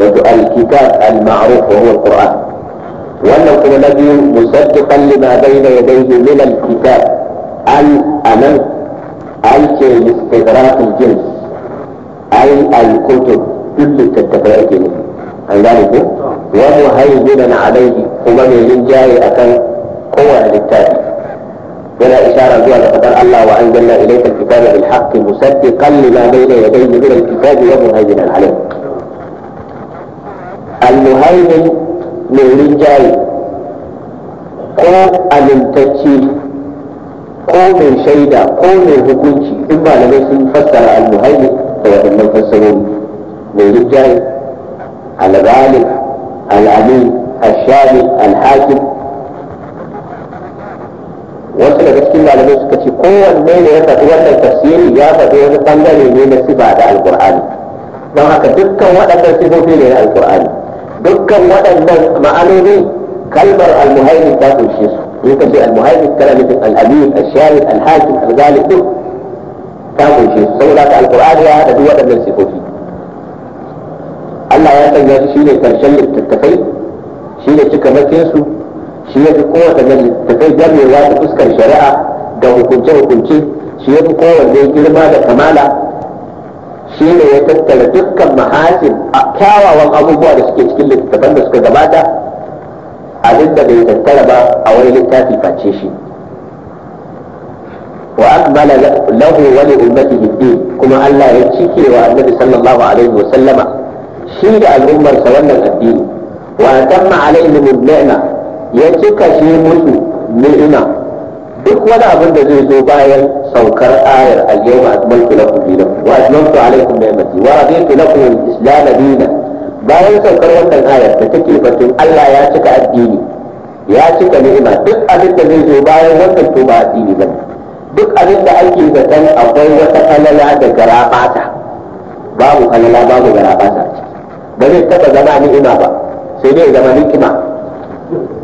وجو الكتاب المعروف وهو القرآن ولو كان الذي مصدقا لما بين يديه من الكتاب أن أمن أي شيء لاستدراك الجنس أي الكتب كل التدبرات منه عن ذلك ومهيمنا عليه هو من جاي أكن قوة للتالي ولا إشارة جوا لقدر الله وأنزلنا إليك الكتاب بالحق مصدقا لما بين يديه من الكتاب ومهيمنا عليه المهيمن mai rinjaye ko alintacce ko mai shaida ko mai hukunci in malamai sun fassara almuhaimi da waɗannan fassarori mai rinjaye al al'amin al الحاكم wasu daga cikin malamai suka ce kowanne ne ya faɗi wannan tafsiri ya faɗi wani bangare ne na siba da alƙur'ani don haka dukkan waɗannan sifofi ne na alƙur'ani dukkan waɗannan ma'anoni kalmar al ta kunshe su in ka ce al-muhaimin kana nufin al-amin al-shahid al duk ta kunshe su saboda ka alƙur'ani ya haɗa duk waɗannan sifofi Allah ya sanya shi ne karshen littattafai shi ne cika su shi ya fi kowace littattafai gamewa ta fuskar shari'a da hukunce-hukunce shi ya fi kowanne girma da kamala shine ya tattara dukkan mahasin a kyawawan abubuwa da suke cikin littattafan da suka gabata abin da bai tattara ba a wani littafi face shi wa akmala lahu wa li ummatihi kuma Allah ya cike wa annabi sallallahu alaihi wa sallama shi da al'ummar sa wannan addini wa tamma alaihim ni'ma ya cika shi musu ni'ima duk wani abin da zai zo bayan saukar ayar al-yawma na lakum na wa alaikum alaykum ni'mati wa raditu lakum al-islam dinan bayan saukar wannan ayar da take batun Allah ya cika addini ya cika ni'ima duk abin da zai zo bayan wannan to ba addini ba duk abin da ake zaton akwai wata kalala da garabata babu kalala babu garabata ba zai taba zama ni'ima ba sai dai zama nikima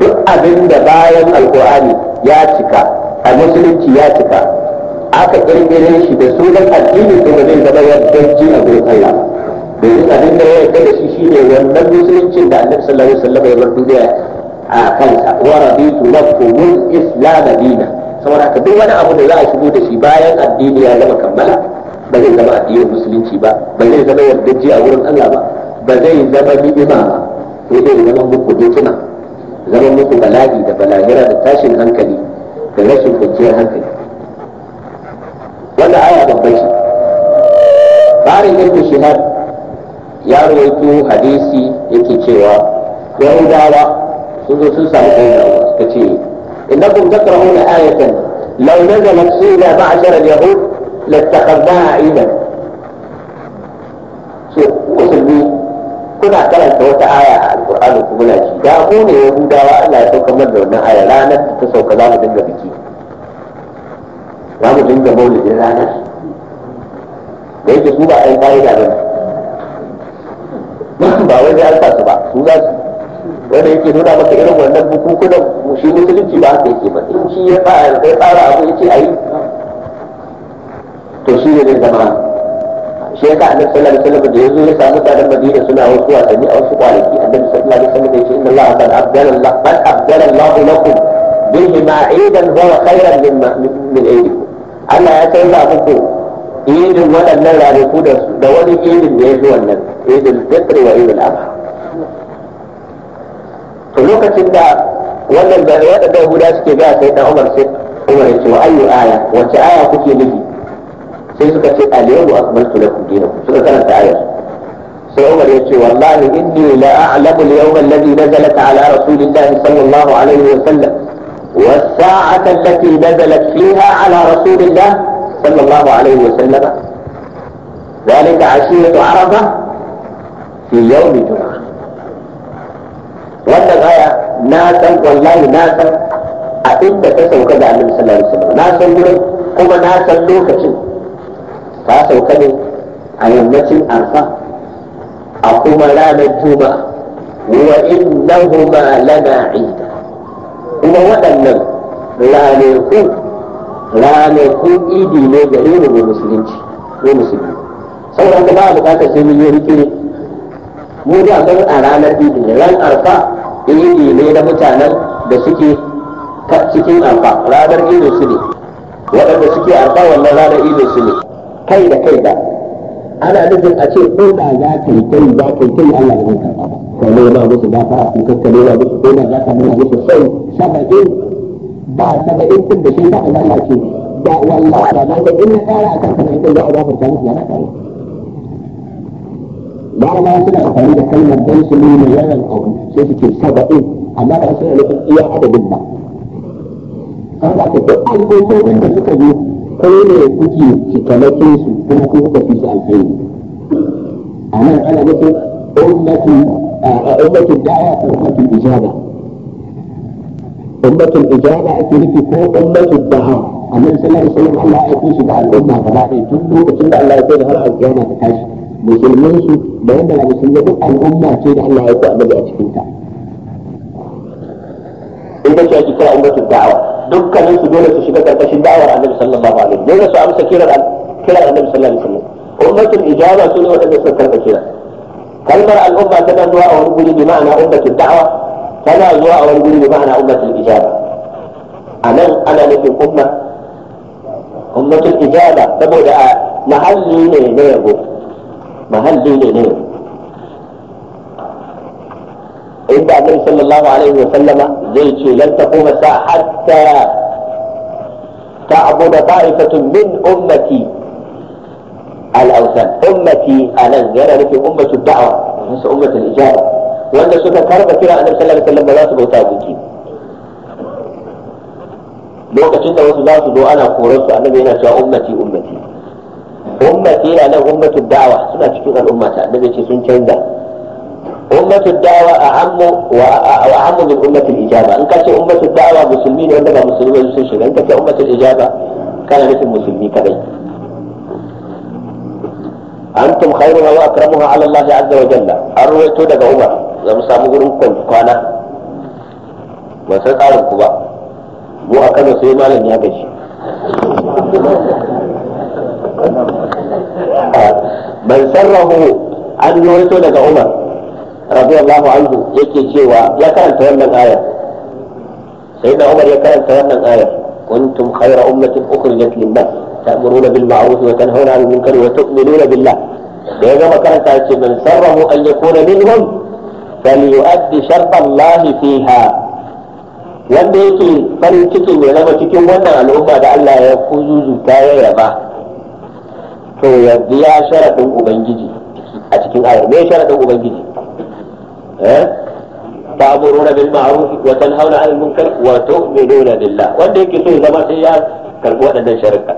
duk abin da bayan alqur'ani ya cika a musulunci ya cika aka kirkire shi da sunan addini to ba zai zama yardanci a gurin Allah domin abin da ya yarda da shi ne wannan musuluncin da annabi sallallahu alaihi wasallam ya bar duniya a kansa wa rabitu lakum islam dina saboda ka duk wani abu da za a shigo da shi bayan addini ya zama kammala ba zai zama addinin musulunci ba ba zai zama yardanci a gurin Allah ba ba zai zama ni'ima ba sai dai zama muku dukuna zama muku bala'i da balahira da tashin hankali كلاش تنسيها هكذا ولا آية ضبيش بعد ان الشهاد يا رويتو حديثي يكي تشيوا وهو دعوة سنو سلسة مقيمة انكم تكرهون آية لو نزلت سيدة بعشر اليهود لاتخذناها عيدا شو وصل بيه kuna karanta wata aya a alƙur'ani kuma na ci da mu ne yahudawa Allah ya sauka mana da wannan aya ranar da ta sauka za mu dinga biki za mu dinga maulidin ranar da yake su ba a yi fa'ida ba ne (laughs) ba wai da alfa su ba su za su wanda yake nuna maka irin wannan bukukunan shi musulunci ba haka yake ba in shi ya tsara abu ya ce a yi to shi ne zai zama shi yasa annabi sallallahu alaihi wasallam da yazo ya samu tsarin madina suna wasu wasanni a wasu kwanaki annabi sallallahu alaihi wasallam ya ce inna allaha qad abdala allah qad abdala allah lakum bihima aidan huwa khayran min aidikum Allah ya canza muku idin waɗannan ranaku da wani idin da ya zo wannan idin fitr wa idin adha to lokacin da wannan da waɗannan guda suke ga sai da Umar sai Umar ya ce wa ayyu aya wace aya kuke nufi sai suka ce al-yawma akmaltu lakum dinakum suka karanta ayar sai Umar ya ce wallahi inni la a'lamu al-yawma alladhi nazalat ala rasulillahi sallallahu alaihi wa sallam والساعة التي نزلت فيها على رسول الله صلى الله عليه وسلم ذلك عشية عرفة في يوم جمعة wannan aya na san wallahi na san abin da ta sauka da annabi sallallahu alaihi wasallam na san gurin kuma na san lokacin a sauka ne a yammacin arfa a kuma ranar juma'a wa innahuma lana ida kuma waɗannan ranaku ranakun idi ne ga mu musulunci ne musulmi sauran ba a bukatar sai mun yi ne mu da san a ranar idi ne ran arfa idi ne na mutanen da suke cikin arfa ranar idin su ne waɗanda suke arfa wannan ranar idin su ne kai da kai ba ana nufin a ce ko da za ka yi kai za ka yi kai Allah ba ka karɓa ba ka nema musu ba ka hafi ka ba musu ko da za ka nuna musu sai saba'in ba saba'in tun da shi ba a ce ba wallahi ba za ka in na ƙara a kan kai za a ba musu ya na ƙara ba a ma suna amfani da kalmar don su nuna yawan abu sai suke saba'in amma ba suna nufin iya adadin ba. Kan ba ka ko an ko da suka yi. kai ne kuke cikamakin su kuma kuma kuka fi su alheri a nan ana nufin ummatin ummatin da'awa ko ummatin ijaba ummatin ijaba ake nufi ko ummatin da'awa annabi sallallahu alaihi wasallam Allah ya kusa da al'umma ba ɗaya tun lokacin da Allah ya kai har alƙiyama ta tashi musulmin su da yadda da musulmi duk al'umma ce da Allah ya ku a cikin ta kira ummatin da'awa dukkanin su dole su shiga karkashin da'awar annabi sallallahu alaihi dole su amsa kiran kiran annabi sallallahu alaihi wasallam ummatul ijaba su wadanda suka karba kira kalmar al'umma tana zuwa a wani guri bi ma'ana ummatul da'wa tana zuwa a wani guri bi ma'ana ummatul ijaba anan ana nufin umma ummatul ijaba saboda a mahalli ne na yabo mahalli ne na yabo inda annabi sallallahu alaihi wa sallama zai ce lan taquma sa hatta ta'budu ta'ifatun min ummati al-awsan ummati anan yana nufin ummatu da'wa musu ummatu al-ijaba wanda suka karba kira annabi sallallahu alaihi wa sallam ba za su bauta gunki lokacin da wasu za su zo ana koran su annabi yana cewa ummati ummati ummati yana nan ummatu da'wa suna cikin al'ummata annabi ce sun canza ummatu da'wa a'ammu min ummati ijaba in ka ce ummatu da'wa musulmi ne wanda ba musulmi sun shiga in ka ce ummatu ijaba kana nufin musulmi kadai antum khairuha wa akramuha ala Allah azza wa jalla an ruwaito daga Umar za mu samu kwana ba san tsarin ku ba mu a Kano sai malam ya gaji (laughs) ah, ban an ruwaito daga Umar radiyallahu anhu yake cewa ya karanta wannan ayar sai umar ya karanta wannan ayar kuntum khayra ummatin ukhrijat lin-nas ta'muruna bil ma'ruf wa tanhauna 'anil munkar wa tu'minuna billah da ya gama karanta ce man an yakuna minhum falyu'addi sharta Allah fiha wanda yake farin cikin ya zama cikin wannan al'umma da Allah ya kuzuzuta ya yaba to ya biya sharaɗin ubangiji a cikin ayar me sharaɗin ubangiji تأمرون بالمعروف وتنهون عن المنكر وتؤمنون بالله وانده كسو زمان سيار كالبوة لدن شركة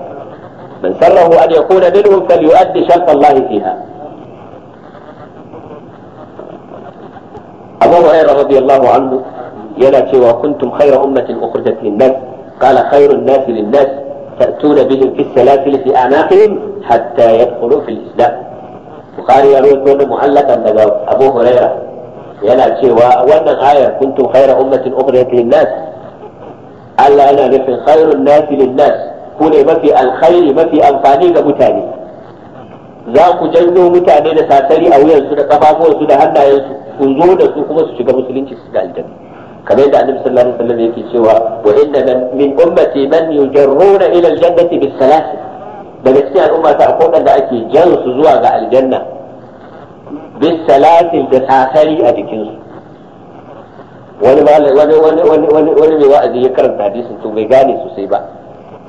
من سره أن يكون منهم فليؤدي شرط الله فيها أبو هريرة رضي الله عنه يلا وكنتم خير أمة أخرجت للناس قال خير الناس للناس تأتون بهم في السلاسل في أعناقهم حتى يدخلوا في الإسلام بخاري يروي معلقا أبو هريرة yana cewa wannan ayar kuntum khayra ummatin ukhrijat lin-nas Allah yana nufin khairun nasi lin-nas ku ne mafi alkhairi mafi amfani ga mutane za ku janyo mutane da satari a wuyansu da kafafuwansu da hannayensu ku zo da su kuma su shiga musulunci su ga aljanna kamar da annabi sallallahu alaihi wasallam yake cewa wa inna min ummati man yujarruna ila al-jannati bis-salas daga cikin al'umma ta akwai wanda ake jan su zuwa ga aljanna bisalafin da sakari a jikinsu wani wani wani wani wani mai wa'azi ya karanta hadisin to bai gane sosai ba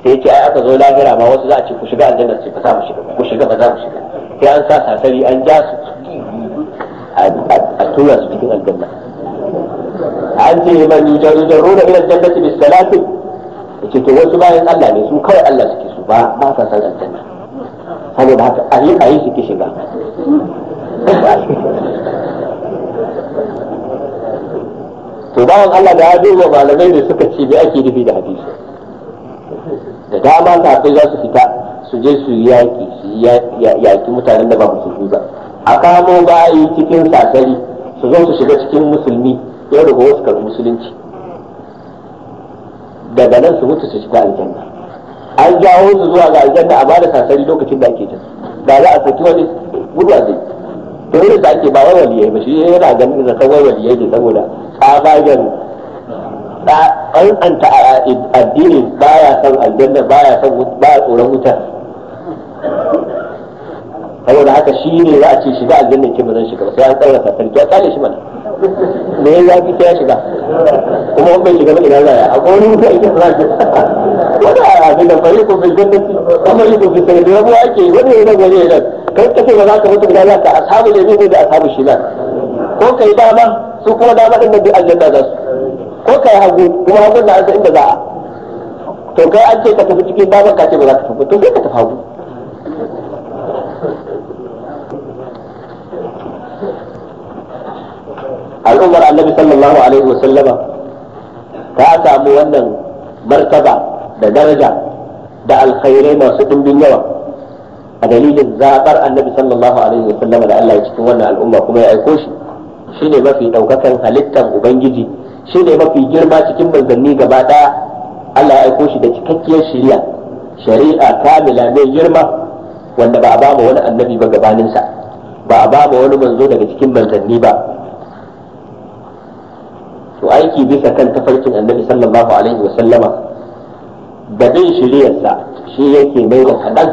sai ya ce ai aka zo lahira ma wasu za a ce ku shiga aljanna ce ba za mu shiga ku shiga ba za mu shiga sai an sa sasari an ja su a tura su cikin aljanna an ce man yujarruna ila aljannati bisalafin ce to wasu bayan Allah ne su kawai Allah suke su ba ba sa san aljanna saboda haka ayi ayi suke shiga to bayan Allah da ya zo malamai ne suka ce me ake nufi da hadisi da dama kafin za su fita su je su yaki su yaƙi mutanen da ba su ba a kamo bayi cikin sasari su zo su shiga cikin musulmi ya da wasu su musulunci daga nan su mutu su shiga aljanna an jawo su zuwa ga aljanna a ba da sasari lokacin da ake jin da za a saki wani gudu a zai to irin da ake ba wa waliyai ba shi yana ganin da kawai waliyai ne saboda tsabagen a addini ya son aljanna san ba ya tsoron wutar saboda haka shi ne za a ce shiga aljanna ke bazan shiga sai an tsarrafa sarki a tsare shi mana me ya zafi sai ya shiga kuma wani bai shiga ba ina zaya a wani mutum ake sa shi wani a abin da fari ko bai kuma yi ko bai sai da rabuwa ake wani ne na gwaje nan kai kace ba za ka mutum da za ka ashabu da yabi da ashabu shi ko kai dama su kuma dama din da duk aljanna za su ko kai hagu kuma hagu na asa inda za a to kai an ce ka tafi cikin dama ka ce ba za ka tafi to sai ka tafi hagu al'ummar annabi sallallahu alaihi wasallama ta samu wannan martaba da daraja da alkhairai masu dimbin yawa a dalilin zaɓar annabi sallallahu alaihi wa sallama da Allah ya cikin wannan al'umma kuma ya aiko shi shine mafi ɗaukakan halittar ubangiji shine mafi girma cikin manzanni gaba ɗaya Allah ya aiko shi da cikakkiyar shari'a shari'a kamila mai girma wanda ba a ba wani annabi ba gabanin sa. ba a ba wani manzo daga cikin manzanni ba to aiki bisa kan tafarkin annabi sallallahu alaihi wasallama da bin shiriyarsa shi yake mai da kaɗan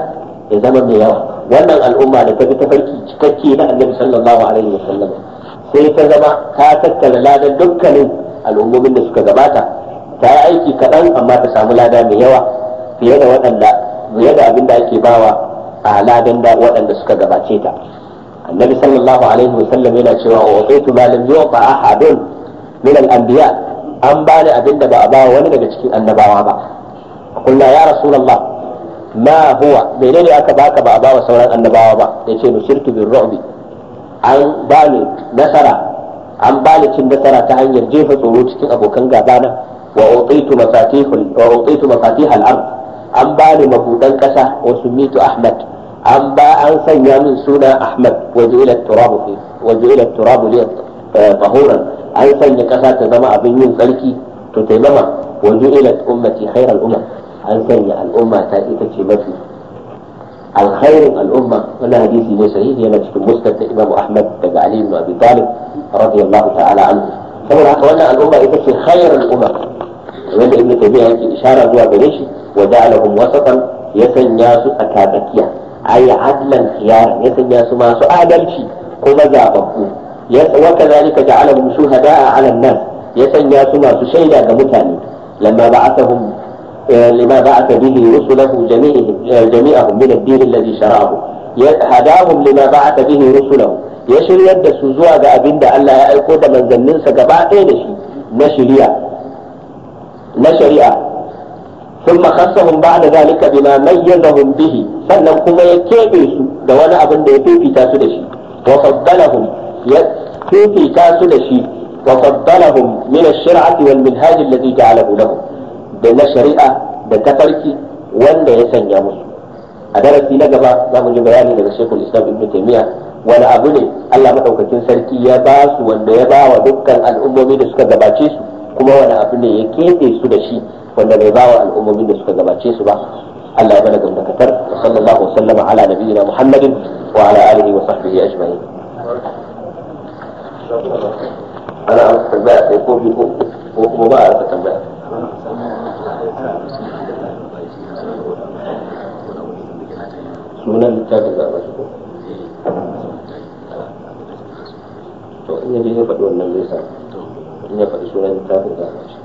ya zama mai yawa wannan al'umma da ta bi ta farki cikakke na annabi sallallahu alaihi wa sallam sai ta zama ta tattara ladan dukkanin al'ummomin da suka gabata ta yi aiki kaɗan amma ta samu lada mai yawa fiye da waɗanda fiye da abin da ake bawa a ladan da waɗanda suka gabace ta annabi sallallahu alaihi wa sallam yana cewa wa qaitu ma lam yuqa ahadun min al-anbiya an bani abin da ba a bawa wani daga cikin annabawa ba kullu ya rasulullah ma huwa menene aka baka ba a bawa sauran annabawa ba yace nushirtu bir ru'bi an bani an bani cin nasara ta hanyar jefa tsoro cikin abokan gaba na wa utaitu mafatihul wa utaitu mafatihal ard an bani mabudan kasa wa sumitu ahmad an sanya min suna ahmad wa ju'ila turabu fi eh, an sanya ƙasa ta zama abin yin tsarki to taimama wa ju'ilat ummati khairal an sanya al'umma ta ita ce mafi alkhairin al'umma wani hadisi ne sahihi yana cikin musnad da Imam Ahmad daga Ali ibn Abi Talib radiyallahu ta'ala anhu saboda haka wannan al'umma ita ce khairul umma wanda Ibn Taymiyyah yake isharar zuwa gare shi wa ja'alahum wasatan ya sanya su tsakatsakiya ay adlan khiyar ya sanya su masu adalci kuma zababbu ya wa kadhalika ja'alahum shuhada'a 'ala an-nas ya sanya su masu shaida ga mutane lamma ba'athahum لما بعث به رسله جميعهم من الدين الذي شرعه هداهم لما بعث به رسله ya shiryar da su zuwa ga abin da Allah ya aiko da manzanninsa gaba ɗaya da shi na shari'a na shari'a ثم خصهم بعد ذلك بما ميزهم به sannan kuma ya keɓe su da wani abin da ya fifita su da shi wa faddalahum ya fifita su da shi wa faddalahum min ash-shir'ati wal minhaj alladhi ja'alahu lahum da na shari'a da tafarki wanda ya sanya musu a darasi na gaba za mu yi bayani daga shekul islam ibn taimiyya wani abu ne allah maɗaukakin sarki ya ba su wanda ya ba wa dukkan al'ummomi da suka gabace su kuma wani abu ne ya keɓe su da shi wanda bai ba wa al'ummomin da suka gabace su ba allah ya bada gamdakatar wa sallallahu sallama ala nabiyina muhammadin wa ala alihi wa sahbihi ajma'in ana amsa tambaya sai ko biyu ko kuma ba a amsa tambaya sunan littafin zaɓa shi ko to in yaje ya faɗi wannan zai samu in ya faɗi sunan shi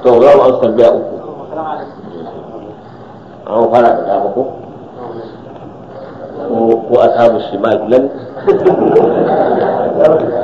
to za mu uku an fara da dama ko ko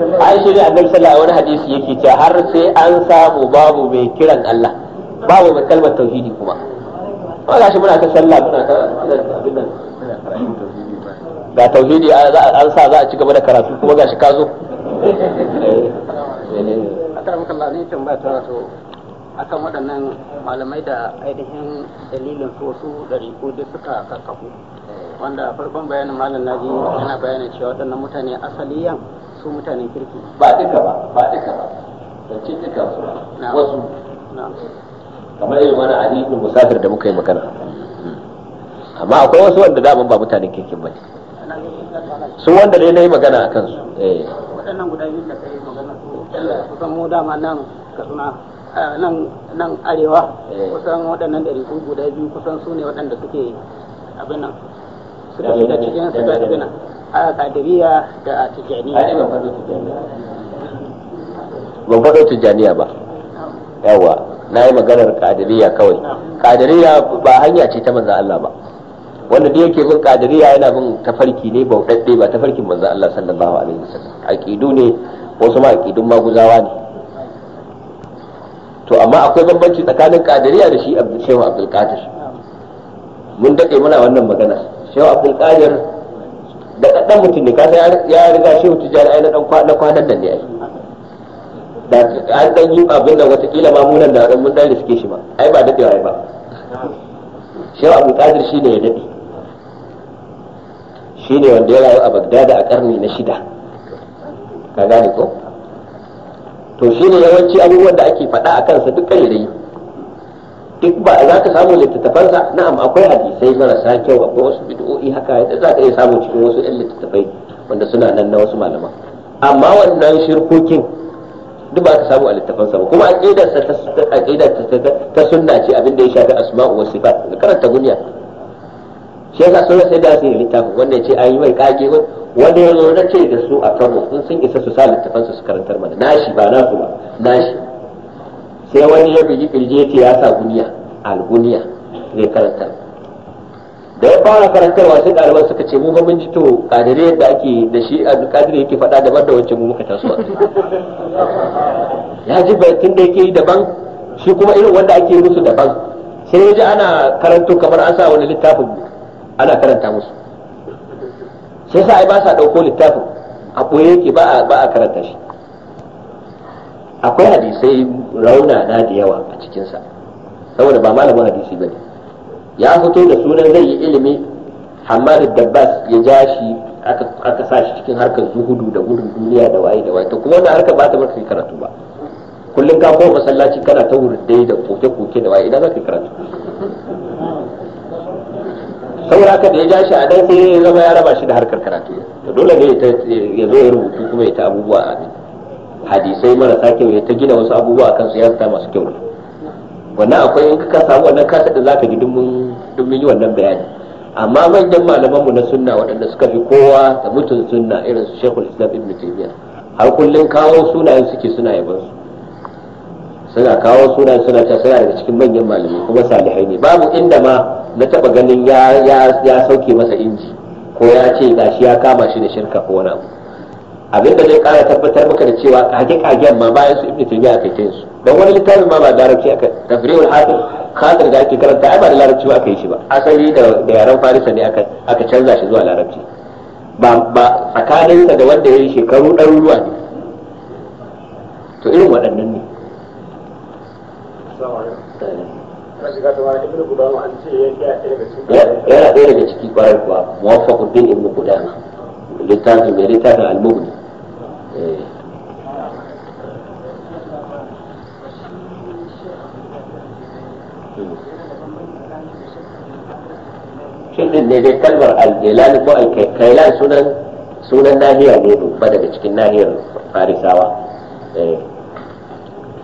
ai shi ne annabi a wani hadisi yake cewa har sai an samu babu mai kiran Allah babu mai kalmar tauhidi kuma ba shi muna ta sallah muna ta abin nan ga tauhidi an sa za a ci gaba da karatu kuma gashi ka zo akan waɗannan malamai da ainihin dalilin su wasu ɗariku duk suka kakkafu wanda farkon bayanin malam naji yana bayanin cewa waɗannan mutane asali su mutanen kirki ba duka ba ba duka ba zance duka su wasu kamar irin wani ali ibn musafir da muka yi magana amma akwai wasu wanda daman ba mutanen kirkin ba su wanda ne na yi magana a kansu eh. waɗannan guda biyu da kai magana su kusan mu dama nan suna nan arewa eh. kusan waɗannan riku guda biyu kusan su ne waɗanda suke abin nan suka shiga cikin suka abin nan a kadiriya da tijaniya ban faɗo tijaniya ba yawa na yi maganar kadiriya kawai kadiriya ba hanya ce ta manzan Allah ba wanda da yake bin kadiriya yana bin tafarki ne bauɗaɗɗe ba tafarkin manzan Allah sallallahu alaihi wasallam aqidu ne wasu ma aqidun maguzawa ne to amma akwai bambanci tsakanin kadiriya da shi Abdul Shehu Abdul Qadir mun dade muna wannan magana Shehu Abdul Qadir da ɗanɗan mutum ne kasa ya riga shi wuce ai na ɗan kwanan da ne ai da an ɗan yi abin da watakila ma munan da ɗan mun ɗan riske shi ba ai ba daɗewa ai ba shehu abu qadir shi ne ya daɗe shi ne wanda ya rayu a bagdada a ƙarni na shida ka gane ko to shi ne yawanci abubuwan da ake faɗa a kansa duk yi. duk ba za ka samu littattafansa na'am akwai hadisai marasa kyau akwai wasu bid'o'i haka yadda za ka iya samu cikin wasu ɗan littattafai wanda suna nan na wasu malaman amma wannan shirkokin duk ba ka samu a sa ba kuma sa ta aqidar ta sunna ce abin da ya shafi asma'u wa sifat da karanta duniya shi yasa sun sai da su littafin wannan ce an yi mai kage wanda ya zo na ce da su a Kano sun sun isa su sa littafansa su karantar mana nashi ba nasu ba nashi sai wani ya bugi kirje ce ya sa guniya alguniya zai karanta da ya fara karantarwa sai ɗaliban suka ce mu ba mun ji to kadire yadda ake da shi alƙadiri yake faɗa daban da wancan mu muka taso ya ji tun da yake yi daban shi kuma irin wanda ake musu daban sai ya ji ana karanto kamar an sa wani littafin ana karanta musu sai sa ai ba sa ɗauko littafin a ɓoye yake ba a karanta shi akwai hadisai rauna na da yawa a cikinsa saboda ba malamin hadisi ba ne ya fito da sunan zai yi ilimi hamad dabbas ya ja shi aka sa shi cikin harkar zuhudu da gudun duniya da waye da waye to kuma wannan harkar ba ta barka kai karatu ba kullum ka koma masallaci kana ta wurdai da koke-koke da waye idan za ka karatu saboda haka da ya ja shi a nan sai ya zama ya raba shi da harkar karatu to dole ne ya zo ya rubutu kuma ya ta abubuwa a nan hadisai marasa kyau ya ta gina wasu abubuwa kan su ya masu kyau wannan akwai in ka samu wannan kasa da zaka ji dumin dumin yi wannan bayani amma manyan malaman mu na sunna waɗanda suka fi kowa da mutun sunna irin su Sheikhul Islam Ibn Taymiyyah har kullun kawo sunayen suke suna yaban su suna kawo sunayen suna ta sai daga cikin manyan malamai kuma salihai ne babu inda ma na taba ganin ya ya sauke masa inji ko ya ce gashi ya kama shi da shirka ko wani abu abin da zai kara tabbatar maka da cewa a kage kagen ma bayan su ibnu taymiya aka kai su dan wani littafin ma ba da larabci aka tafriul hafiz khatir da ake karanta ai ba da larabci ba aka yi shi ba asali da da yaran farisa ne aka aka canza shi zuwa larabci ba ba tsakaninsa da wanda ya yi shekaru ɗaruruwa ne to irin waɗannan ne yana ɗaya daga ciki kwarar kuwa muwaffaqu ibnu qudama littafin mai littafin al-mughni Eh. shirin ne dai kalmar aljelani ko alkailan sunan sunan nahiya ne ba daga cikin nahiyar farisawa eh.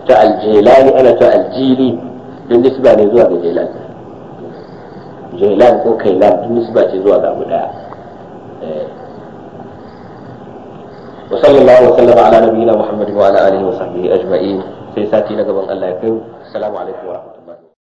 ta aljelani ana ta aljili don nisba ne zuwa ga jelan jelan ko kailan don nisba ce zuwa ga guda wa sallallahu ala nabiyina muhammadin wa ala alihi wa ajma'in sai sati na gaban Allah ya kai assalamu alaikum wa